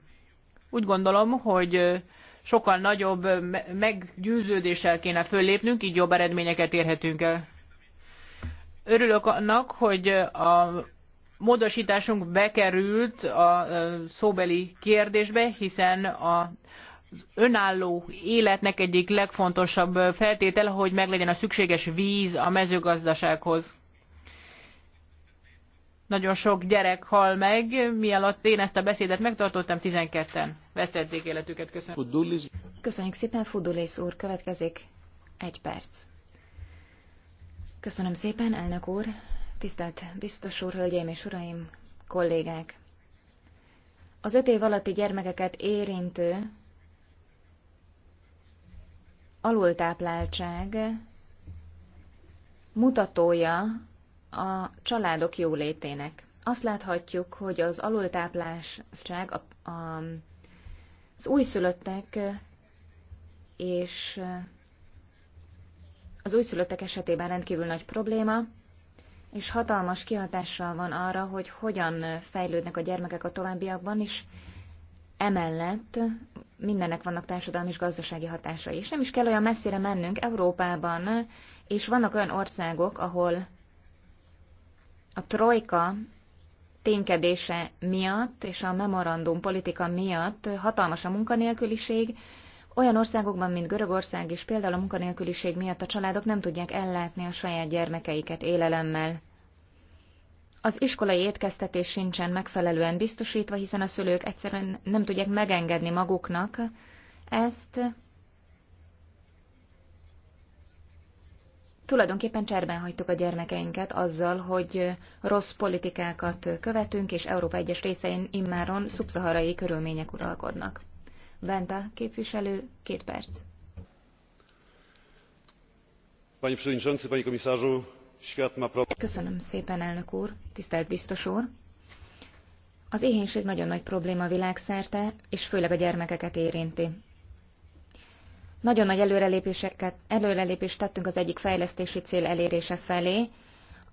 Úgy gondolom, hogy sokkal nagyobb meggyőződéssel kéne föllépnünk, így jobb eredményeket érhetünk el. Örülök annak, hogy a módosításunk bekerült a szóbeli kérdésbe, hiszen a önálló életnek egyik legfontosabb feltétele, hogy meglegyen a szükséges víz a mezőgazdasághoz. Nagyon sok gyerek hal meg, mielőtt én ezt a beszédet megtartottam, 12-en vesztették életüket. Köszönöm. Köszönjük szépen, Fudulis úr. Következik egy perc. Köszönöm szépen, elnök úr, tisztelt biztos úr, hölgyeim és uraim, kollégák. Az öt év alatti gyermekeket érintő alultápláltság mutatója a családok jólétének. Azt láthatjuk, hogy az alultápláltság a, a, az újszülöttek és az újszülöttek esetében rendkívül nagy probléma, és hatalmas kihatással van arra, hogy hogyan fejlődnek a gyermekek a továbbiakban is, Emellett mindennek vannak társadalmi és gazdasági hatásai, és nem is kell olyan messzire mennünk Európában, és vannak olyan országok, ahol a trojka ténykedése miatt és a memorandum politika miatt hatalmas a munkanélküliség, olyan országokban, mint Görögország is például a munkanélküliség miatt a családok nem tudják ellátni a saját gyermekeiket élelemmel. Az iskolai étkeztetés sincsen megfelelően biztosítva, hiszen a szülők egyszerűen nem tudják megengedni maguknak ezt. Tulajdonképpen cserben hagytuk a gyermekeinket azzal, hogy rossz politikákat követünk, és Európa egyes részein immáron szubszaharai körülmények uralkodnak. Venta képviselő, két perc. Panie Przewodniczący, Panie Komisarzu, Köszönöm szépen, elnök úr, tisztelt biztos úr. Az éhénység nagyon nagy probléma világszerte, és főleg a gyermekeket érinti. Nagyon nagy előrelépéseket, előrelépést tettünk az egyik fejlesztési cél elérése felé.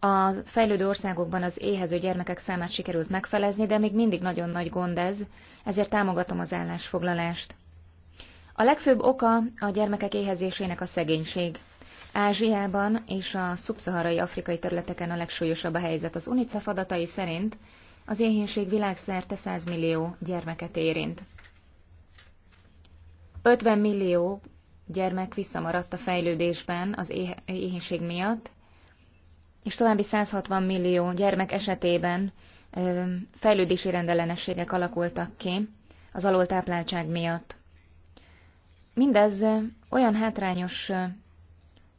A fejlődő országokban az éhező gyermekek számát sikerült megfelezni, de még mindig nagyon nagy gond ez, ezért támogatom az állásfoglalást. A legfőbb oka a gyermekek éhezésének a szegénység. Ázsiában és a szubszaharai afrikai területeken a legsúlyosabb a helyzet. Az UNICEF adatai szerint az éhénység világszerte 100 millió gyermeket érint. 50 millió gyermek visszamaradt a fejlődésben az éhénység miatt, és további 160 millió gyermek esetében fejlődési rendellenességek alakultak ki az alultápláltság miatt. Mindez olyan hátrányos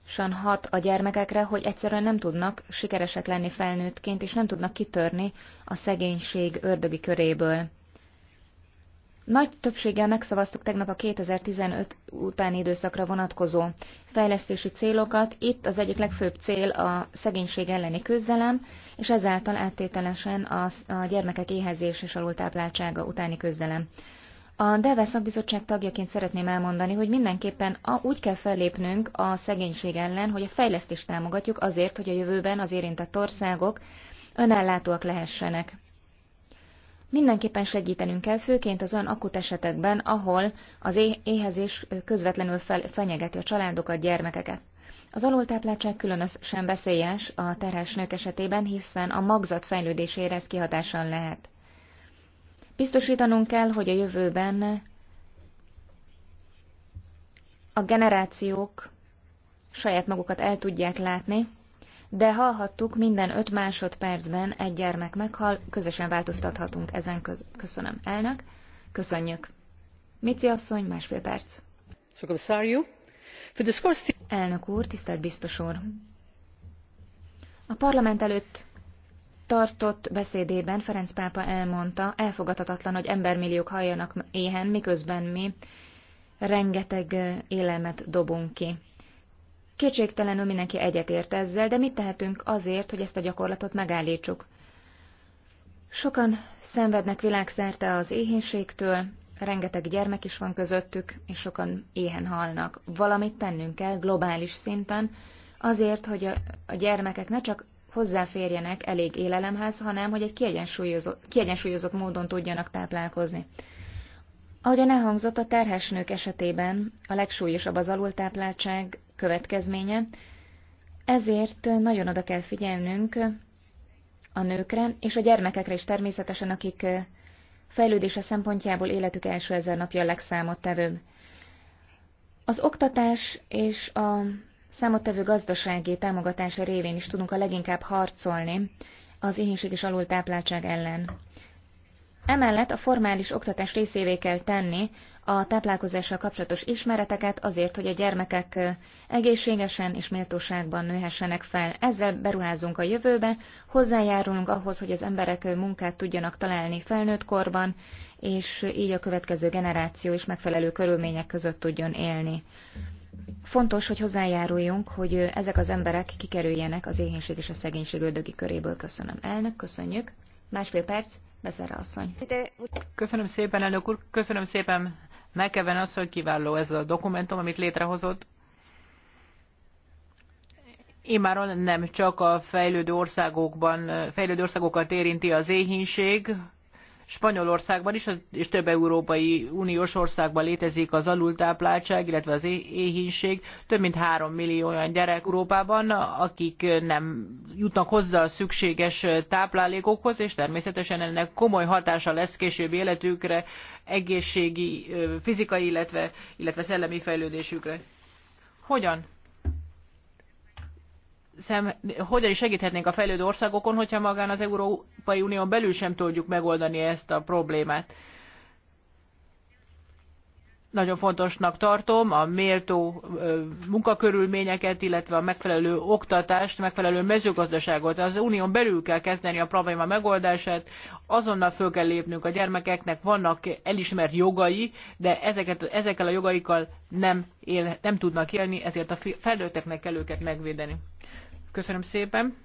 san hat a gyermekekre, hogy egyszerűen nem tudnak sikeresek lenni felnőttként, és nem tudnak kitörni a szegénység ördögi köréből. Nagy többséggel megszavaztuk tegnap a 2015 utáni időszakra vonatkozó fejlesztési célokat. Itt az egyik legfőbb cél a szegénység elleni küzdelem, és ezáltal áttételesen a gyermekek éhezés és alultápláltsága utáni küzdelem. A DEVE szakbizottság tagjaként szeretném elmondani, hogy mindenképpen a, úgy kell fellépnünk a szegénység ellen, hogy a fejlesztést támogatjuk azért, hogy a jövőben az érintett országok önellátóak lehessenek. Mindenképpen segítenünk kell, főként az olyan akut esetekben, ahol az éhezés közvetlenül fel, fenyegeti a családokat, gyermekeket. Az alultápláltság különösen veszélyes a terhes nők esetében, hiszen a magzat fejlődésére ez kihatással lehet. Biztosítanunk kell, hogy a jövőben a generációk saját magukat el tudják látni, de hallhattuk, minden 5 másodpercben egy gyermek meghal, közösen változtathatunk ezen. Köz- köszönöm, elnök. Köszönjük. Mici asszony, másfél perc. Elnök úr, tisztelt biztos úr! A parlament előtt tartott beszédében Ferenc pápa elmondta, elfogadhatatlan, hogy embermilliók halljanak éhen, miközben mi rengeteg élelmet dobunk ki. Kétségtelenül mindenki egyetért ezzel, de mit tehetünk azért, hogy ezt a gyakorlatot megállítsuk? Sokan szenvednek világszerte az éhénységtől, rengeteg gyermek is van közöttük, és sokan éhen halnak. Valamit tennünk kell globális szinten, azért, hogy a, a gyermekek ne csak hozzáférjenek elég élelemhez, hanem hogy egy kiegyensúlyozott, kiegyensúlyozott módon tudjanak táplálkozni. Ahogyan elhangzott, a terhes nők esetében a legsúlyosabb az alultápláltság következménye, ezért nagyon oda kell figyelnünk a nőkre, és a gyermekekre is természetesen, akik eh, fejlődése szempontjából életük első ezer napja a legszámottevőbb. Az oktatás és a Számottevő gazdasági támogatása révén is tudunk a leginkább harcolni az éhénység és alultápláltság ellen. Emellett a formális oktatás részévé kell tenni a táplálkozással kapcsolatos ismereteket azért, hogy a gyermekek egészségesen és méltóságban nőhessenek fel. Ezzel beruházunk a jövőbe, hozzájárulunk ahhoz, hogy az emberek munkát tudjanak találni felnőtt korban, és így a következő generáció is megfelelő körülmények között tudjon élni. Fontos, hogy hozzájáruljunk, hogy ezek az emberek kikerüljenek az éhénység és a szegénység ördögi köréből. Köszönöm. Elnök, köszönjük. Másfél perc, Bezerre asszony. Köszönöm szépen, elnök úr. Köszönöm szépen, Mekeven az, hogy kiváló ez a dokumentum, amit létrehozott. Imáron nem csak a fejlődő országokban, fejlődő országokat érinti az éhínség, Spanyolországban is, és több európai uniós országban létezik az alultápláltság, illetve az éhínség. Több mint három millió olyan gyerek Európában, akik nem jutnak hozzá a szükséges táplálékokhoz, és természetesen ennek komoly hatása lesz később életükre, egészségi, fizikai, illetve, illetve szellemi fejlődésükre. Hogyan szem, hogyan is segíthetnénk a fejlődő országokon, hogyha magán az Európai Unión belül sem tudjuk megoldani ezt a problémát. Nagyon fontosnak tartom a méltó munkakörülményeket, illetve a megfelelő oktatást, megfelelő mezőgazdaságot. Az unión belül kell kezdeni a probléma megoldását, azonnal föl kell lépnünk a gyermekeknek, vannak elismert jogai, de ezeket, ezekkel a jogaikkal nem, él, nem tudnak élni, ezért a felnőtteknek kell őket megvédeni. Köszönöm szépen.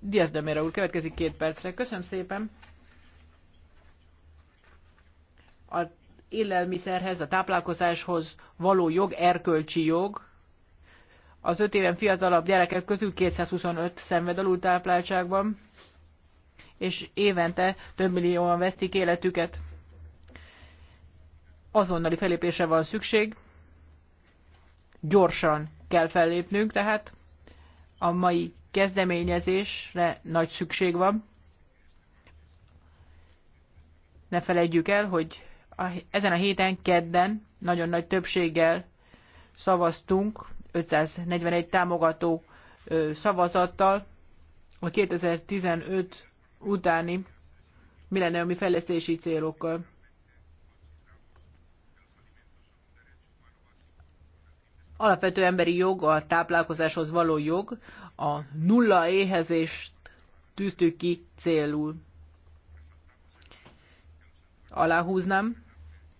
Diaz Demére úr, következik két percre. Köszönöm szépen. A élelmiszerhez, a táplálkozáshoz való jog, erkölcsi jog. Az öt éven fiatalabb gyerekek közül 225 szenved alultápláltságban, és évente több millióan vesztik életüket. Azonnali felépésre van szükség, gyorsan kell fellépnünk, tehát a mai kezdeményezésre nagy szükség van. Ne felejtjük el, hogy a, ezen a héten, kedden nagyon nagy többséggel szavaztunk, 541 támogató ö, szavazattal a 2015 utáni milleniumi fejlesztési célokkal. alapvető emberi jog, a táplálkozáshoz való jog, a nulla éhezést tűztük ki célul. Aláhúznám,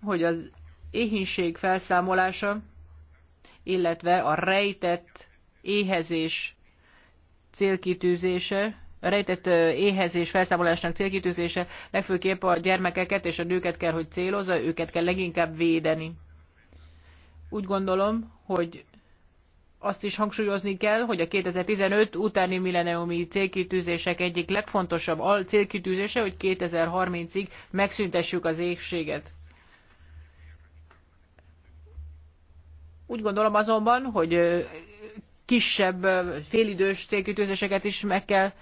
hogy az éhinség felszámolása, illetve a rejtett éhezés célkitűzése, a rejtett éhezés felszámolásnak célkitűzése legfőképp a gyermekeket és a nőket kell, hogy célozza, őket kell leginkább védeni. Úgy gondolom, hogy azt is hangsúlyozni kell, hogy a 2015 utáni milleniumi célkitűzések egyik legfontosabb célkitűzése, hogy 2030-ig megszüntessük az égséget. Úgy gondolom azonban, hogy kisebb félidős célkütőzéseket is meg kell,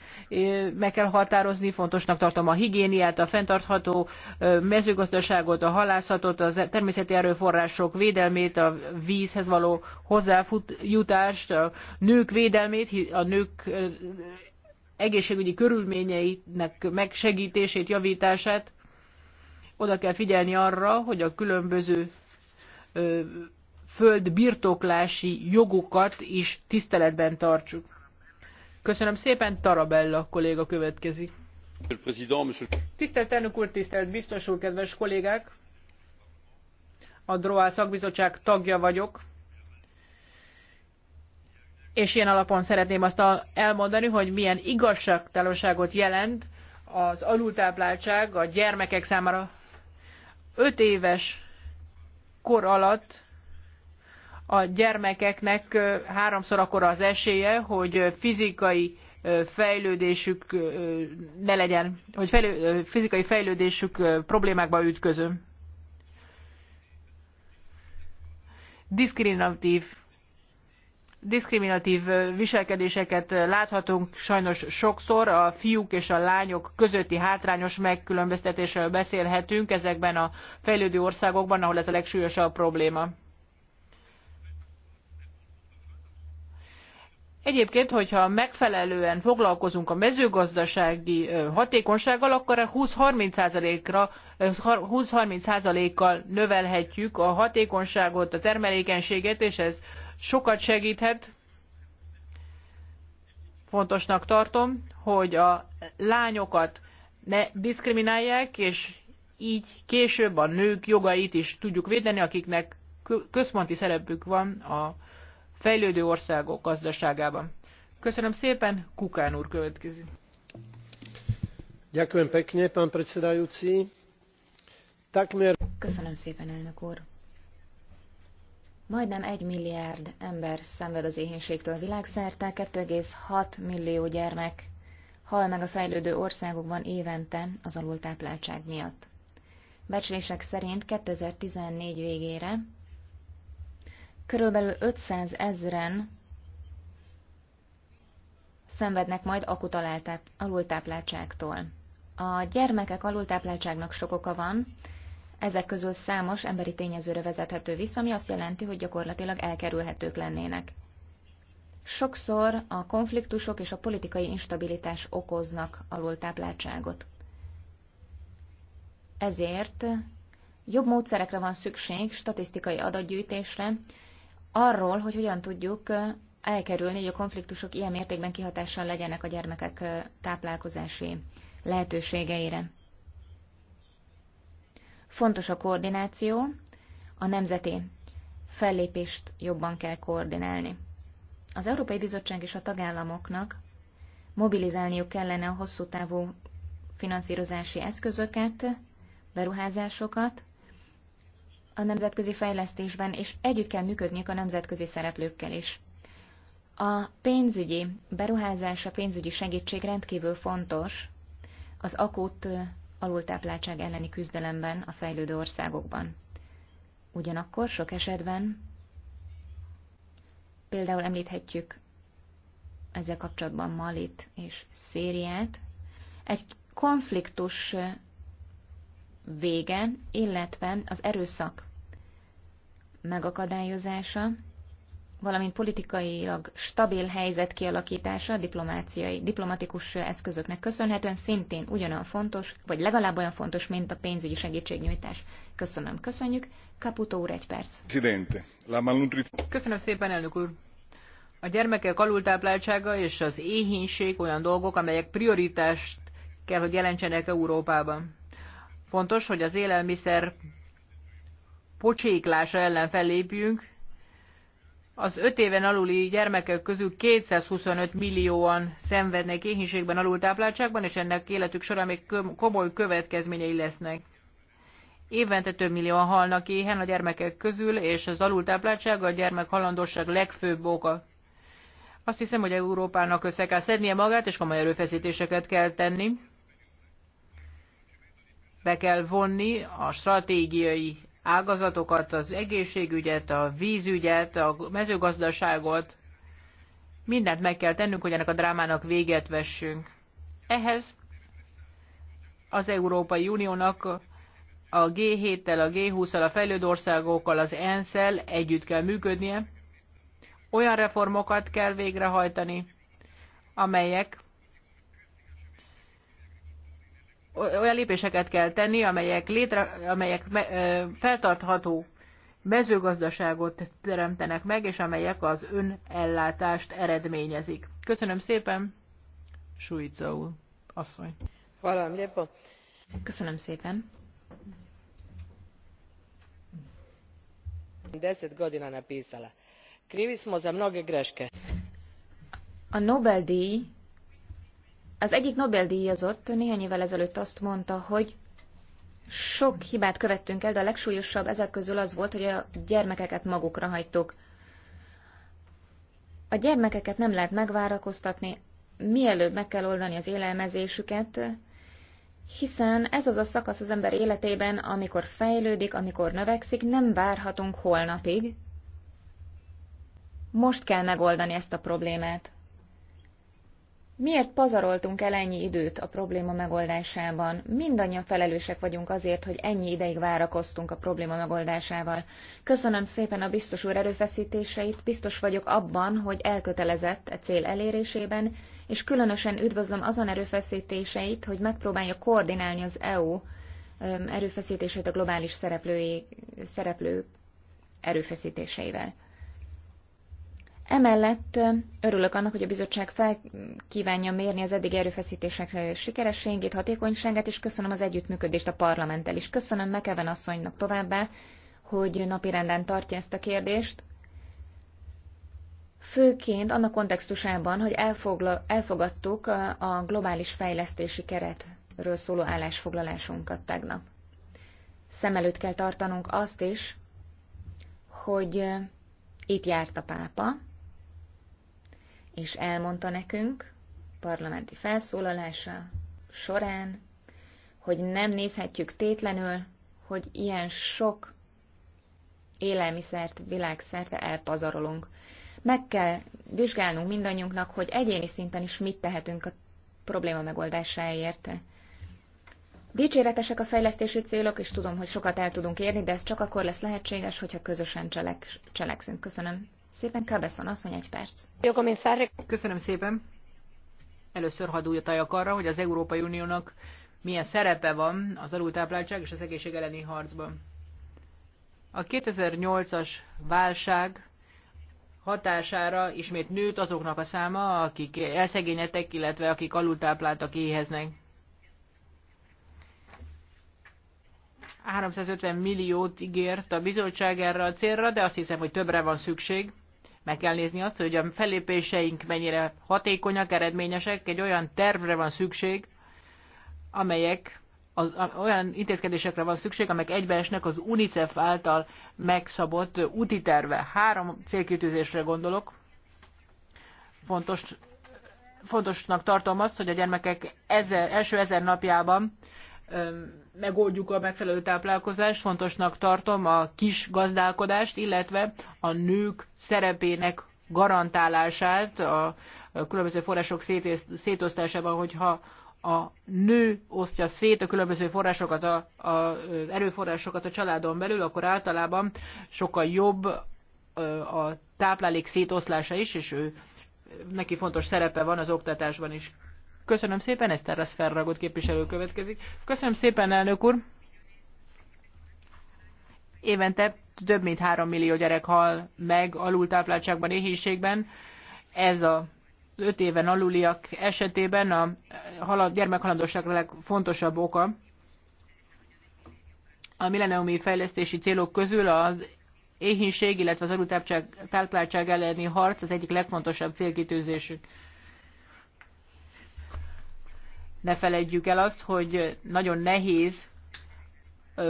meg kell határozni. Fontosnak tartom a higiéniát, a fenntartható mezőgazdaságot, a halászatot, a természeti erőforrások védelmét, a vízhez való hozzájutást, a nők védelmét, a nők egészségügyi körülményeinek megsegítését, javítását. Oda kell figyelni arra, hogy a különböző föld birtoklási jogukat is tiszteletben tartsuk. Köszönöm szépen, Tarabella kolléga következik. Tisztelt elnök úr, tisztelt biztos úr, kedves kollégák! A DROA szakbizottság tagja vagyok, és ilyen alapon szeretném azt elmondani, hogy milyen igazságtalanságot jelent az alultápláltság a gyermekek számára. Öt éves kor alatt a gyermekeknek háromszor akkora az esélye, hogy fizikai fejlődésük ne legyen, hogy fizikai fejlődésük problémákba ütközön. Diszkriminatív diszkriminatív viselkedéseket láthatunk sajnos sokszor, a fiúk és a lányok közötti hátrányos megkülönböztetésről beszélhetünk ezekben a fejlődő országokban, ahol ez a legsúlyosabb probléma. Egyébként, hogyha megfelelően foglalkozunk a mezőgazdasági hatékonysággal, akkor 20-30%-ra kal növelhetjük a hatékonyságot, a termelékenységet, és ez sokat segíthet. Fontosnak tartom, hogy a lányokat ne diszkriminálják, és így később a nők jogait is tudjuk védeni, akiknek központi szerepük van a fejlődő országok gazdaságában. Köszönöm szépen, Kukán úr következik. Ďakujem pekne, pán predsedajúci. Takmer... Köszönöm szépen, elnök úr. Majdnem egy milliárd ember szenved az éhénységtől világszerte, 2,6 millió gyermek hal meg a fejlődő országokban évente az alultápláltság miatt. Becslések szerint 2014 végére körülbelül 500 ezren szenvednek majd akut alultápláltságtól. A gyermekek alultápláltságnak sok oka van, ezek közül számos emberi tényezőre vezethető vissza, ami azt jelenti, hogy gyakorlatilag elkerülhetők lennének. Sokszor a konfliktusok és a politikai instabilitás okoznak alultápláltságot. Ezért jobb módszerekre van szükség, statisztikai adatgyűjtésre, arról, hogy hogyan tudjuk elkerülni, hogy a konfliktusok ilyen mértékben kihatással legyenek a gyermekek táplálkozási lehetőségeire. Fontos a koordináció, a nemzeti fellépést jobban kell koordinálni. Az Európai Bizottság és a tagállamoknak mobilizálniuk kellene a hosszú távú finanszírozási eszközöket, beruházásokat, a nemzetközi fejlesztésben, és együtt kell működniük a nemzetközi szereplőkkel is. A pénzügyi beruházás, a pénzügyi segítség rendkívül fontos az akut alultápláltság elleni küzdelemben a fejlődő országokban. Ugyanakkor sok esetben például említhetjük ezzel kapcsolatban Malit és Szériát, egy konfliktus vége, illetve az erőszak megakadályozása, valamint politikailag stabil helyzet kialakítása diplomáciai, diplomatikus eszközöknek köszönhetően szintén ugyanolyan fontos, vagy legalább olyan fontos, mint a pénzügyi segítségnyújtás. Köszönöm, köszönjük. Caputo úr, egy perc. Köszönöm szépen, elnök úr. A gyermekek alultápláltsága és az éhínség olyan dolgok, amelyek prioritást kell, hogy jelentsenek Európában. Fontos, hogy az élelmiszer pocséklása ellen fellépjünk. Az öt éven aluli gyermekek közül 225 millióan szenvednek éhínségben, alultápláltságban, és ennek életük során még komoly következményei lesznek. Évente több millióan halnak éhen a gyermekek közül, és az alultápláltság a gyermek halandóság legfőbb oka. Azt hiszem, hogy Európának össze kell szednie magát, és komoly erőfeszítéseket kell tenni be kell vonni a stratégiai ágazatokat, az egészségügyet, a vízügyet, a mezőgazdaságot. Mindent meg kell tennünk, hogy ennek a drámának véget vessünk. Ehhez az Európai Uniónak a G7-tel, a G20-tel, a fejlődő országokkal, az ENSZ-el együtt kell működnie. Olyan reformokat kell végrehajtani, amelyek olyan lépéseket kell tenni, amelyek, létre, amelyek feltartható mezőgazdaságot teremtenek meg, és amelyek az önellátást eredményezik. Köszönöm szépen, Suica asszony. Valami Köszönöm szépen. Deset godina napisala. Krivi smo za mnoge greške. A Nobel-díj az egyik Nobel-díjazott néhány évvel ezelőtt azt mondta, hogy sok hibát követtünk el, de a legsúlyosabb ezek közül az volt, hogy a gyermekeket magukra hagytuk. A gyermekeket nem lehet megvárakoztatni, mielőbb meg kell oldani az élelmezésüket, hiszen ez az a szakasz az ember életében, amikor fejlődik, amikor növekszik, nem várhatunk holnapig. Most kell megoldani ezt a problémát. Miért pazaroltunk el ennyi időt a probléma megoldásában? Mindannyian felelősek vagyunk azért, hogy ennyi ideig várakoztunk a probléma megoldásával. Köszönöm szépen a biztos úr erőfeszítéseit, biztos vagyok abban, hogy elkötelezett a e cél elérésében, és különösen üdvözlöm azon erőfeszítéseit, hogy megpróbálja koordinálni az EU erőfeszítését a globális szereplői, szereplő erőfeszítéseivel. Emellett örülök annak, hogy a bizottság fel kívánja mérni az eddigi erőfeszítések sikerességét, hatékonyságát, és köszönöm az együttműködést a parlamenttel is. Köszönöm Mekeven asszonynak továbbá, hogy napirenden tartja ezt a kérdést, főként annak kontextusában, hogy elfogla, elfogadtuk a globális fejlesztési keretről szóló állásfoglalásunkat tegnap. Szem előtt kell tartanunk azt is, hogy itt járt a pápa, és elmondta nekünk parlamenti felszólalása során, hogy nem nézhetjük tétlenül, hogy ilyen sok élelmiszert világszerte elpazarolunk. Meg kell vizsgálnunk mindannyiunknak, hogy egyéni szinten is mit tehetünk a probléma megoldásáért. Dicséretesek a fejlesztési célok, és tudom, hogy sokat el tudunk érni, de ez csak akkor lesz lehetséges, hogyha közösen cselek, cselekszünk. Köszönöm. Szépen Cabezon, asszony egy perc. Köszönöm szépen. Először hadd újtaljak arra, hogy az Európai Uniónak milyen szerepe van az alultápláltság és az egészség elleni harcban. A 2008-as válság hatására ismét nőtt azoknak a száma, akik elszegényedtek, illetve akik alultápláltak éheznek. 350 milliót ígért a bizottság erre a célra, de azt hiszem, hogy többre van szükség. Meg kell nézni azt, hogy a felépéseink mennyire hatékonyak, eredményesek. Egy olyan tervre van szükség, amelyek az, olyan intézkedésekre van szükség, amelyek egybeesnek az UNICEF által megszabott úti terve. Három célkitűzésre gondolok. Fontos, fontosnak tartom azt, hogy a gyermekek ezer, első ezer napjában megoldjuk a megfelelő táplálkozást, fontosnak tartom a kis gazdálkodást, illetve a nők szerepének garantálását a különböző források szétosztásában, hogyha a nő osztja szét a különböző forrásokat, a, az erőforrásokat a családon belül, akkor általában sokkal jobb a táplálék szétoszlása is, és ő, neki fontos szerepe van az oktatásban is. Köszönöm szépen, a Ferragot képviselő következik. Köszönöm szépen, elnök úr. Évente több mint három millió gyerek hal meg alultápláltságban, éhénységben. Ez a öt éven aluliak esetében a halad, gyermekhalandóság legfontosabb oka. A milleniumi fejlesztési célok közül az éhínség, illetve az alultápláltság elleni harc az egyik legfontosabb célkitűzésük. Ne feledjük el azt, hogy nagyon nehéz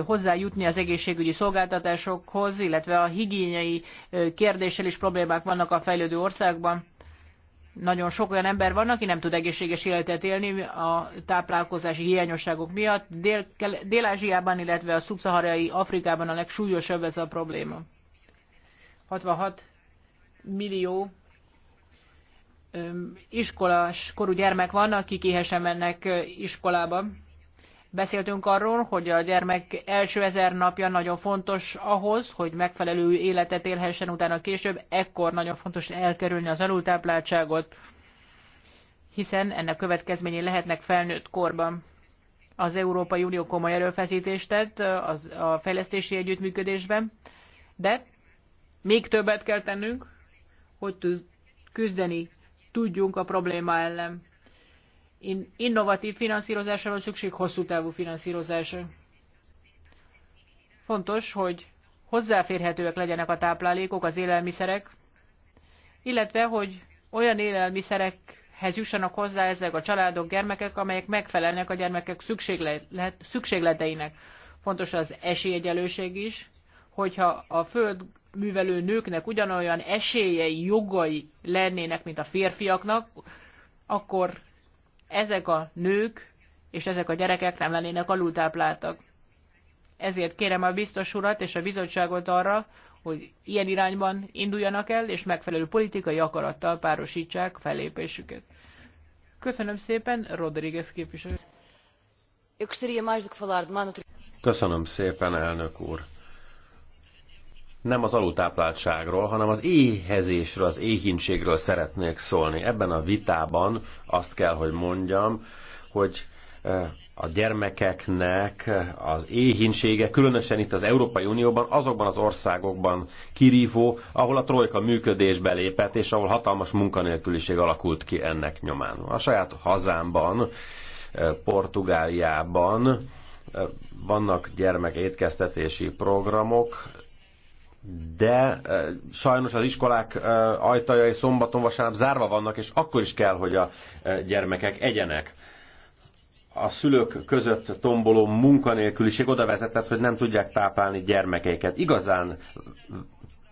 hozzájutni az egészségügyi szolgáltatásokhoz, illetve a higiéniai kérdéssel is problémák vannak a fejlődő országban. Nagyon sok olyan ember van, aki nem tud egészséges életet élni a táplálkozási hiányosságok miatt. Dél-Ázsiában, Dél illetve a szubszaharai Afrikában a legsúlyosabb ez a probléma. 66 millió iskolás korú gyermek van, akik éhesen mennek iskolába. Beszéltünk arról, hogy a gyermek első ezer napja nagyon fontos ahhoz, hogy megfelelő életet élhessen utána később, ekkor nagyon fontos elkerülni az alultápláltságot, hiszen ennek következményi lehetnek felnőtt korban. Az Európai Unió komoly erőfeszítést tett az, a fejlesztési együttműködésben, de még többet kell tennünk, hogy küzdeni tudjunk a probléma ellen. Innovatív finanszírozásra van szükség, hosszú távú finanszírozásra. Fontos, hogy hozzáférhetőek legyenek a táplálékok, az élelmiszerek, illetve, hogy olyan élelmiszerekhez jussanak hozzá ezek a családok, gyermekek, amelyek megfelelnek a gyermekek szükségleteinek. Fontos az esélyegyelőség is, hogyha a föld művelő nőknek ugyanolyan esélyei, jogai lennének, mint a férfiaknak, akkor ezek a nők és ezek a gyerekek nem lennének alultápláltak. Ezért kérem a biztos urat és a bizottságot arra, hogy ilyen irányban induljanak el, és megfelelő politikai akarattal párosítsák fellépésüket. Köszönöm szépen, Rodriguez képviselő. Köszönöm szépen, elnök úr nem az alultápláltságról, hanem az éhezésről, az éhínségről szeretnék szólni. Ebben a vitában azt kell, hogy mondjam, hogy eh, a gyermekeknek az éhínsége, különösen itt az Európai Unióban, azokban az országokban kirívó, ahol a trojka működésbe lépett, és ahol hatalmas munkanélküliség alakult ki ennek nyomán. A saját hazámban, eh, Portugáliában eh, vannak gyermekétkeztetési programok, de e, sajnos az iskolák e, ajtajai szombaton, vasárnap zárva vannak, és akkor is kell, hogy a e, gyermekek egyenek. A szülők között tomboló munkanélküliség oda vezetett, hogy nem tudják táplálni gyermekeiket. Igazán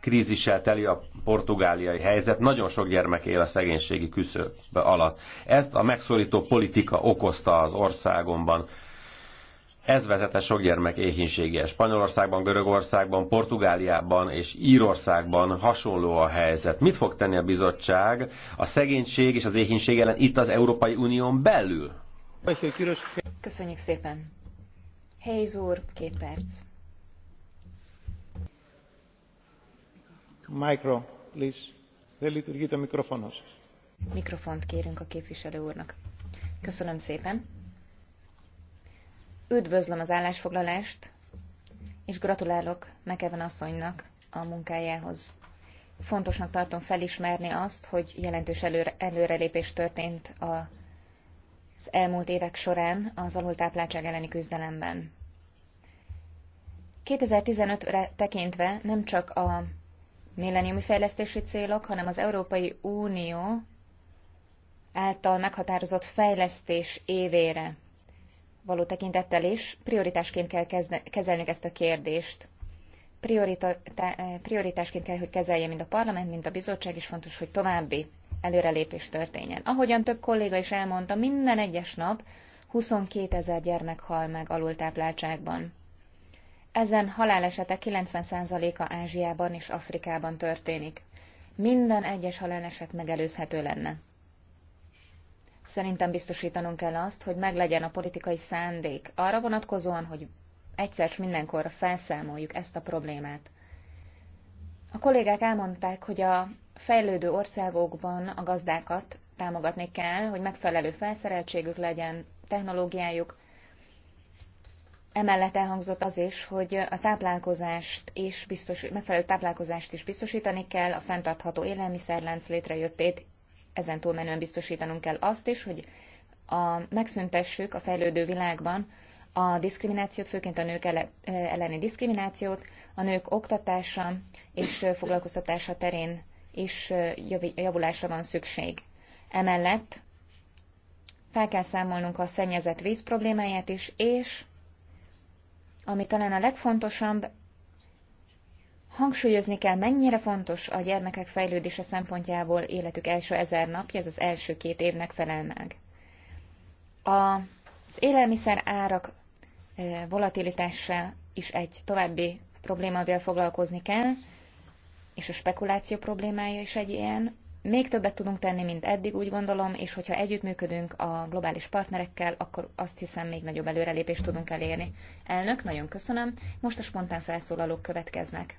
krízissel teli a portugáliai helyzet, nagyon sok gyermek él a szegénységi küszöb alatt. Ezt a megszorító politika okozta az országomban. Ez vezetett sok gyermek éhínségére. Spanyolországban, Görögországban, Portugáliában és Írországban hasonló a helyzet. Mit fog tenni a bizottság a szegénység és az éhínség ellen itt az Európai Unión belül? Köszönjük szépen. Helyz úr, két perc. Micro, please. Δεν λειτουργεί το Mikrofont kérünk a képviselő úrnak. Köszönöm szépen. Üdvözlöm az állásfoglalást, és gratulálok Mekeven asszonynak a munkájához. Fontosnak tartom felismerni azt, hogy jelentős előre, előrelépés történt a, az elmúlt évek során az alultápláltság elleni küzdelemben. 2015-re tekintve nem csak a milleniumi fejlesztési célok, hanem az Európai Unió által meghatározott fejlesztés évére való tekintettel is prioritásként kell kezelni kezelnünk ezt a kérdést. Priorita, te, eh, prioritásként kell, hogy kezelje mind a parlament, mind a bizottság, és fontos, hogy további előrelépés történjen. Ahogyan több kolléga is elmondta, minden egyes nap 22 ezer gyermek hal meg alultápláltságban. Ezen halálesetek 90%-a Ázsiában és Afrikában történik. Minden egyes haláleset megelőzhető lenne. Szerintem biztosítanunk kell azt, hogy meglegyen a politikai szándék arra vonatkozóan, hogy egyszer mindenkorra felszámoljuk ezt a problémát. A kollégák elmondták, hogy a fejlődő országokban a gazdákat támogatni kell, hogy megfelelő felszereltségük legyen, technológiájuk. Emellett elhangzott az is, hogy a táplálkozást és biztos, megfelelő táplálkozást is biztosítani kell, a fenntartható élelmiszerlánc létrejöttét ezen túlmenően biztosítanunk kell azt is, hogy a, megszüntessük a fejlődő világban a diszkriminációt, főként a nők ele, elleni diszkriminációt, a nők oktatása és foglalkoztatása terén is javulásra van szükség. Emellett fel kell számolnunk a szennyezett víz problémáját is, és ami talán a legfontosabb, Hangsúlyozni kell, mennyire fontos a gyermekek fejlődése szempontjából életük első ezer napja, ez az első két évnek felel meg. Az élelmiszer árak volatilitása is egy további problémával foglalkozni kell, és a spekuláció problémája is egy ilyen. Még többet tudunk tenni, mint eddig, úgy gondolom, és hogyha együttműködünk a globális partnerekkel, akkor azt hiszem még nagyobb előrelépést tudunk elérni. Elnök, nagyon köszönöm. Most a spontán felszólalók következnek.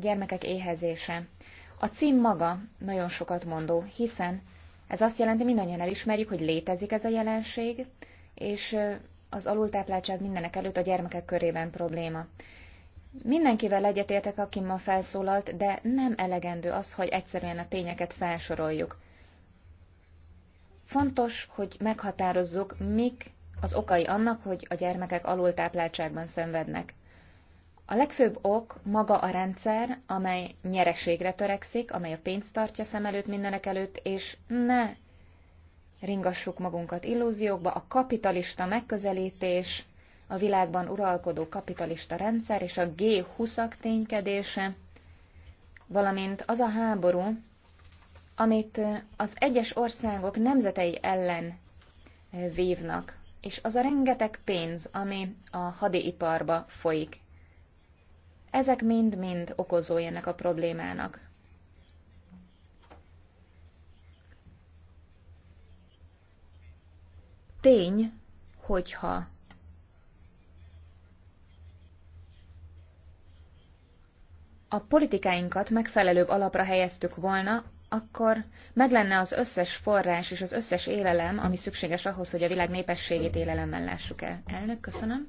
gyermekek éhezése. A cím maga nagyon sokat mondó, hiszen ez azt jelenti, mindannyian elismerjük, hogy létezik ez a jelenség, és az alultápláltság mindenek előtt a gyermekek körében probléma. Mindenkivel egyetértek, aki ma felszólalt, de nem elegendő az, hogy egyszerűen a tényeket felsoroljuk. Fontos, hogy meghatározzuk, mik az okai annak, hogy a gyermekek alultápláltságban szenvednek. A legfőbb ok maga a rendszer, amely nyereségre törekszik, amely a pénzt tartja szem előtt mindenek előtt, és ne ringassuk magunkat illúziókba, a kapitalista megközelítés, a világban uralkodó kapitalista rendszer és a G20-ak ténykedése, valamint az a háború, amit az egyes országok nemzetei ellen vívnak, és az a rengeteg pénz, ami a hadiiparba folyik. Ezek mind-mind okozói ennek a problémának. Tény, hogyha a politikáinkat megfelelőbb alapra helyeztük volna, akkor meg lenne az összes forrás és az összes élelem, ami szükséges ahhoz, hogy a világ népességét élelemmel lássuk el. Elnök, köszönöm.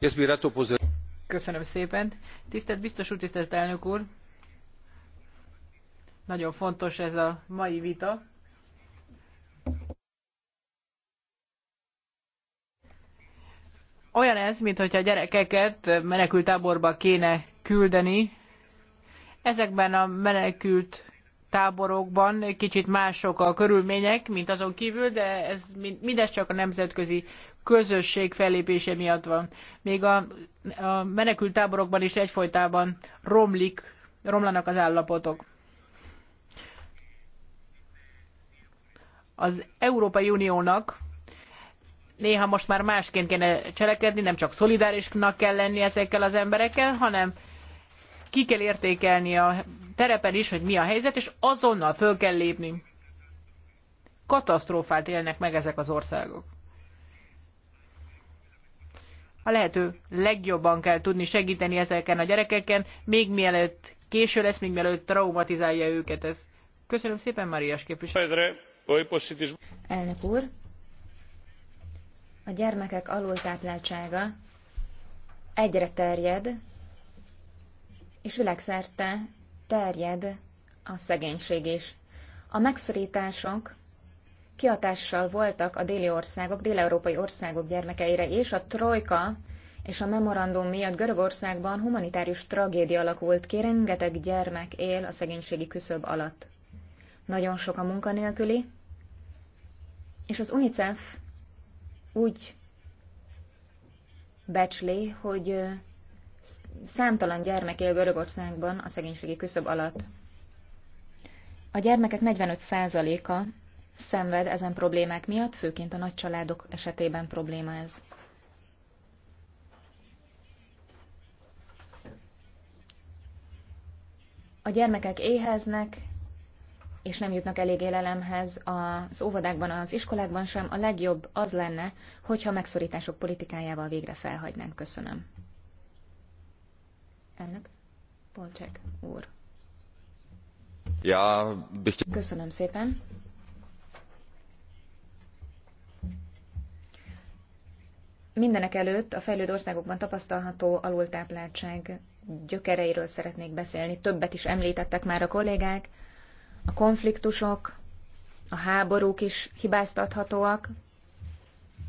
jaz bi rad opozoril tisztelt biztos úr tisztelt elnök úr nagyon fontos ez a mai vita olyan ez mintha a gyerekeket menekülttáborba kéne küldeni ezekben a menekült táborokban kicsit mások a körülmények, mint azon kívül, de ez mindez csak a nemzetközi közösség fellépése miatt van. Még a, a menekült táborokban is egyfolytában romlik, romlanak az állapotok. Az Európai Uniónak néha most már másként kéne cselekedni, nem csak szolidárisnak kell lenni ezekkel az emberekkel, hanem ki kell értékelni a terepen is, hogy mi a helyzet, és azonnal föl kell lépni. Katasztrófát élnek meg ezek az országok. A lehető legjobban kell tudni segíteni ezeken a gyerekeken, még mielőtt késő lesz, még mielőtt traumatizálja őket ez. Köszönöm szépen, Marias képviselő. Elnök úr, a gyermekek alultápláltsága egyre terjed, és világszerte terjed a szegénység is. A megszorítások kiatással voltak a déli országok, déleurópai országok gyermekeire, és a trojka és a memorandum miatt Görögországban humanitárius tragédia alakult ki, rengeteg gyermek él a szegénységi küszöb alatt. Nagyon sok a munkanélküli, és az UNICEF úgy becsli, hogy számtalan gyermek él Görögországban a szegénységi küszöb alatt. A gyermekek 45%-a szenved ezen problémák miatt, főként a nagy családok esetében probléma ez. A gyermekek éheznek, és nem jutnak elég élelemhez az óvodákban, az iskolákban sem, a legjobb az lenne, hogyha megszorítások politikájával végre felhagynánk. Köszönöm. Elnök Polcsek úr. Ja, bych... Köszönöm szépen. Mindenek előtt a fejlődő országokban tapasztalható alultápláltság gyökereiről szeretnék beszélni. Többet is említettek már a kollégák. A konfliktusok, a háborúk is hibáztathatóak.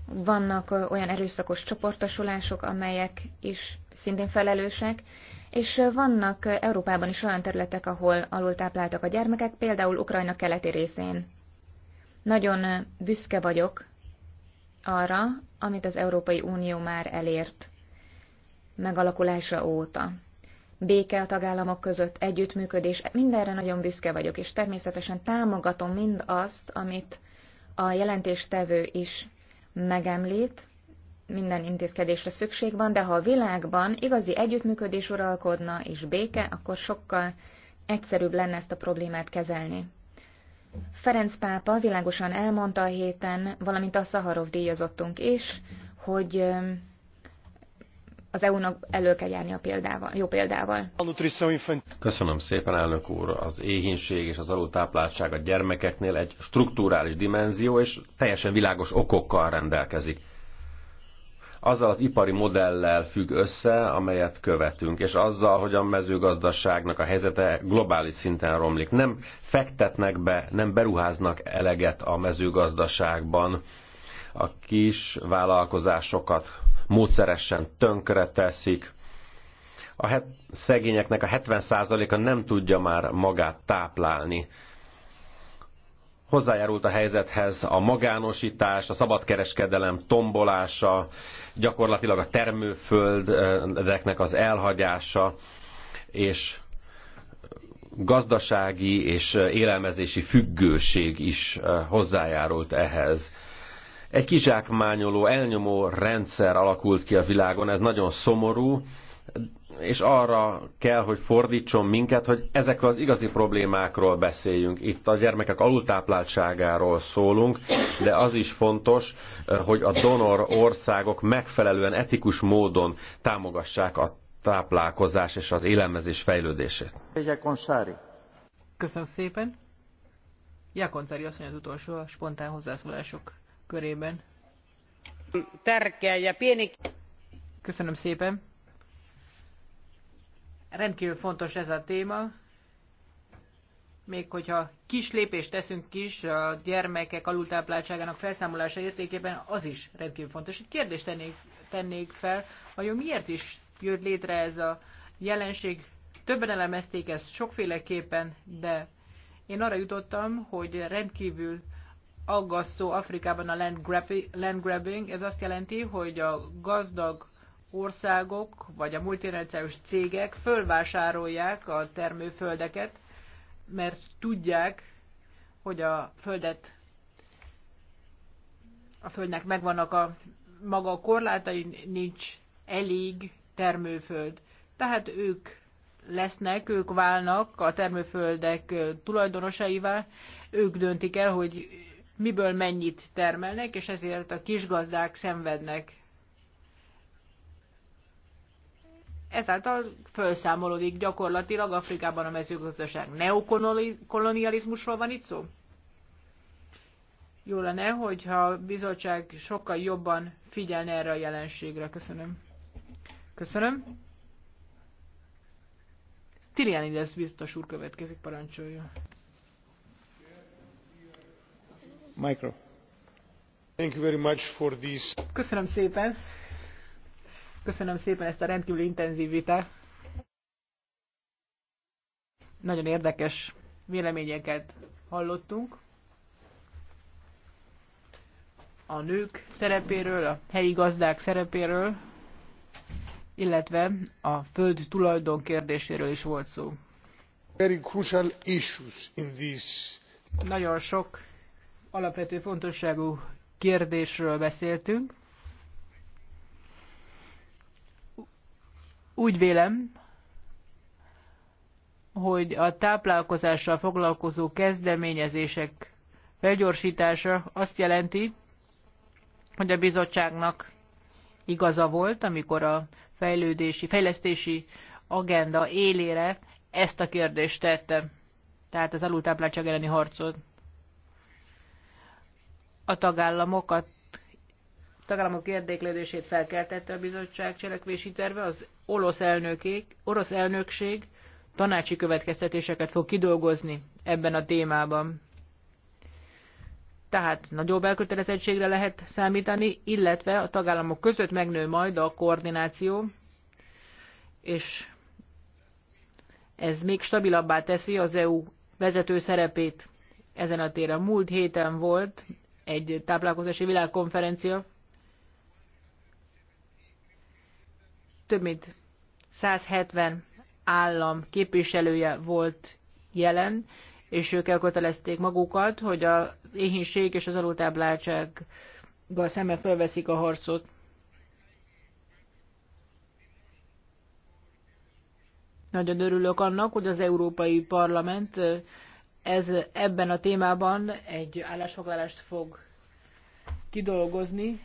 Vannak olyan erőszakos csoportosulások, amelyek is szintén felelősek, és vannak Európában is olyan területek, ahol alultápláltak a gyermekek, például Ukrajna keleti részén. Nagyon büszke vagyok arra, amit az Európai Unió már elért megalakulása óta. Béke a tagállamok között, együttműködés, mindenre nagyon büszke vagyok, és természetesen támogatom mind azt, amit a jelentéstevő is megemlít, minden intézkedésre szükség van, de ha a világban igazi együttműködés uralkodna és béke, akkor sokkal egyszerűbb lenne ezt a problémát kezelni. Ferenc pápa világosan elmondta a héten, valamint a Szaharov díjazottunk is, hogy az EU-nak elő kell járni a példával, jó példával. Köszönöm szépen, elnök úr. Az éhínség és az alultápláltság a gyermekeknél egy strukturális dimenzió, és teljesen világos okokkal rendelkezik azzal az ipari modellel függ össze, amelyet követünk, és azzal, hogy a mezőgazdaságnak a helyzete globális szinten romlik. Nem fektetnek be, nem beruháznak eleget a mezőgazdaságban, a kis vállalkozásokat módszeresen tönkre teszik, a het, szegényeknek a 70%-a nem tudja már magát táplálni hozzájárult a helyzethez a magánosítás, a szabadkereskedelem tombolása, gyakorlatilag a termőföldeknek az elhagyása, és gazdasági és élelmezési függőség is hozzájárult ehhez. Egy kizsákmányoló, elnyomó rendszer alakult ki a világon, ez nagyon szomorú, és arra kell, hogy fordítson minket, hogy ezekről az igazi problémákról beszéljünk. Itt a gyermekek alultápláltságáról szólunk, de az is fontos, hogy a donor országok megfelelően etikus módon támogassák a táplálkozás és az élelmezés fejlődését. Köszönöm szépen. azt mondja az utolsó a spontán hozzászólások körében. Köszönöm szépen Rendkívül fontos ez a téma, még hogyha kis lépést teszünk is a gyermekek alultápláltságának felszámolása értékében, az is rendkívül fontos. Egy kérdést tennék, tennék fel, vajon miért is jött létre ez a jelenség? Többen elemezték ezt sokféleképpen, de én arra jutottam, hogy rendkívül aggasztó Afrikában a land, land grabbing. Ez azt jelenti, hogy a gazdag országok vagy a multinacionális cégek fölvásárolják a termőföldeket, mert tudják, hogy a földet a földnek megvannak a maga a korlátai, nincs elég termőföld. Tehát ők lesznek, ők válnak a termőföldek tulajdonosaivá, ők döntik el, hogy miből mennyit termelnek, és ezért a kisgazdák szenvednek ezáltal felszámolódik gyakorlatilag Afrikában a mezőgazdaság. Neokolonializmusról van itt szó? Jó lenne, hogyha a bizottság sokkal jobban figyelne erre a jelenségre. Köszönöm. Köszönöm. Stylianides biztos úr következik, parancsolja. Mikro. Thank you very much for this. Köszönöm szépen. Köszönöm szépen ezt a rendkívül intenzív vitát. Nagyon érdekes véleményeket hallottunk. A nők szerepéről, a helyi gazdák szerepéről, illetve a föld tulajdon kérdéséről is volt szó. Very crucial issues in this. Nagyon sok alapvető fontosságú kérdésről beszéltünk. Úgy vélem, hogy a táplálkozással foglalkozó kezdeményezések felgyorsítása azt jelenti, hogy a bizottságnak igaza volt, amikor a fejlődési, fejlesztési agenda élére ezt a kérdést tette, tehát az alultápláltság elleni harcot. A tagállamokat, tagállamok érdeklődését felkeltette a bizottság cselekvési terve, az orosz, elnökék, orosz elnökség tanácsi következtetéseket fog kidolgozni ebben a témában. Tehát nagyobb elkötelezettségre lehet számítani, illetve a tagállamok között megnő majd a koordináció, és ez még stabilabbá teszi az EU vezető szerepét ezen a téren. Múlt héten volt egy táplálkozási világkonferencia, több mint 170 állam képviselője volt jelen, és ők elkötelezték magukat, hogy az éhínség és az alultápláltsággal szemben felveszik a harcot. Nagyon örülök annak, hogy az Európai Parlament ez, ebben a témában egy állásfoglalást fog kidolgozni,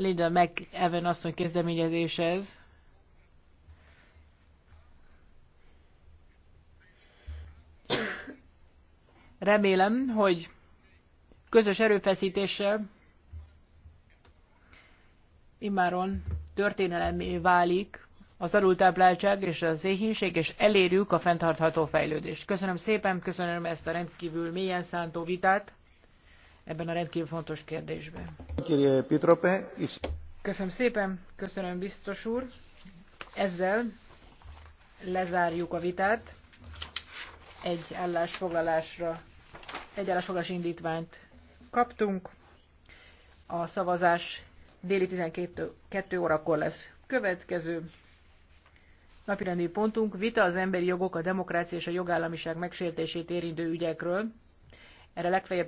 Linda McEwen asszony kezdeményezése ez. Remélem, hogy közös erőfeszítéssel immáron történelemé válik az alultápláltság és az éhínség, és elérjük a fenntartható fejlődést. Köszönöm szépen, köszönöm ezt a rendkívül mélyen szántó vitát ebben a rendkívül fontos kérdésben. Köszönöm szépen, köszönöm biztos úr. Ezzel lezárjuk a vitát. Egy állásfoglalásra, egy állásfoglalás indítványt kaptunk. A szavazás déli 12 órakor lesz következő. Napirendi pontunk vita az emberi jogok, a demokrácia és a jogállamiság megsértését érintő ügyekről. Erre legfeljebb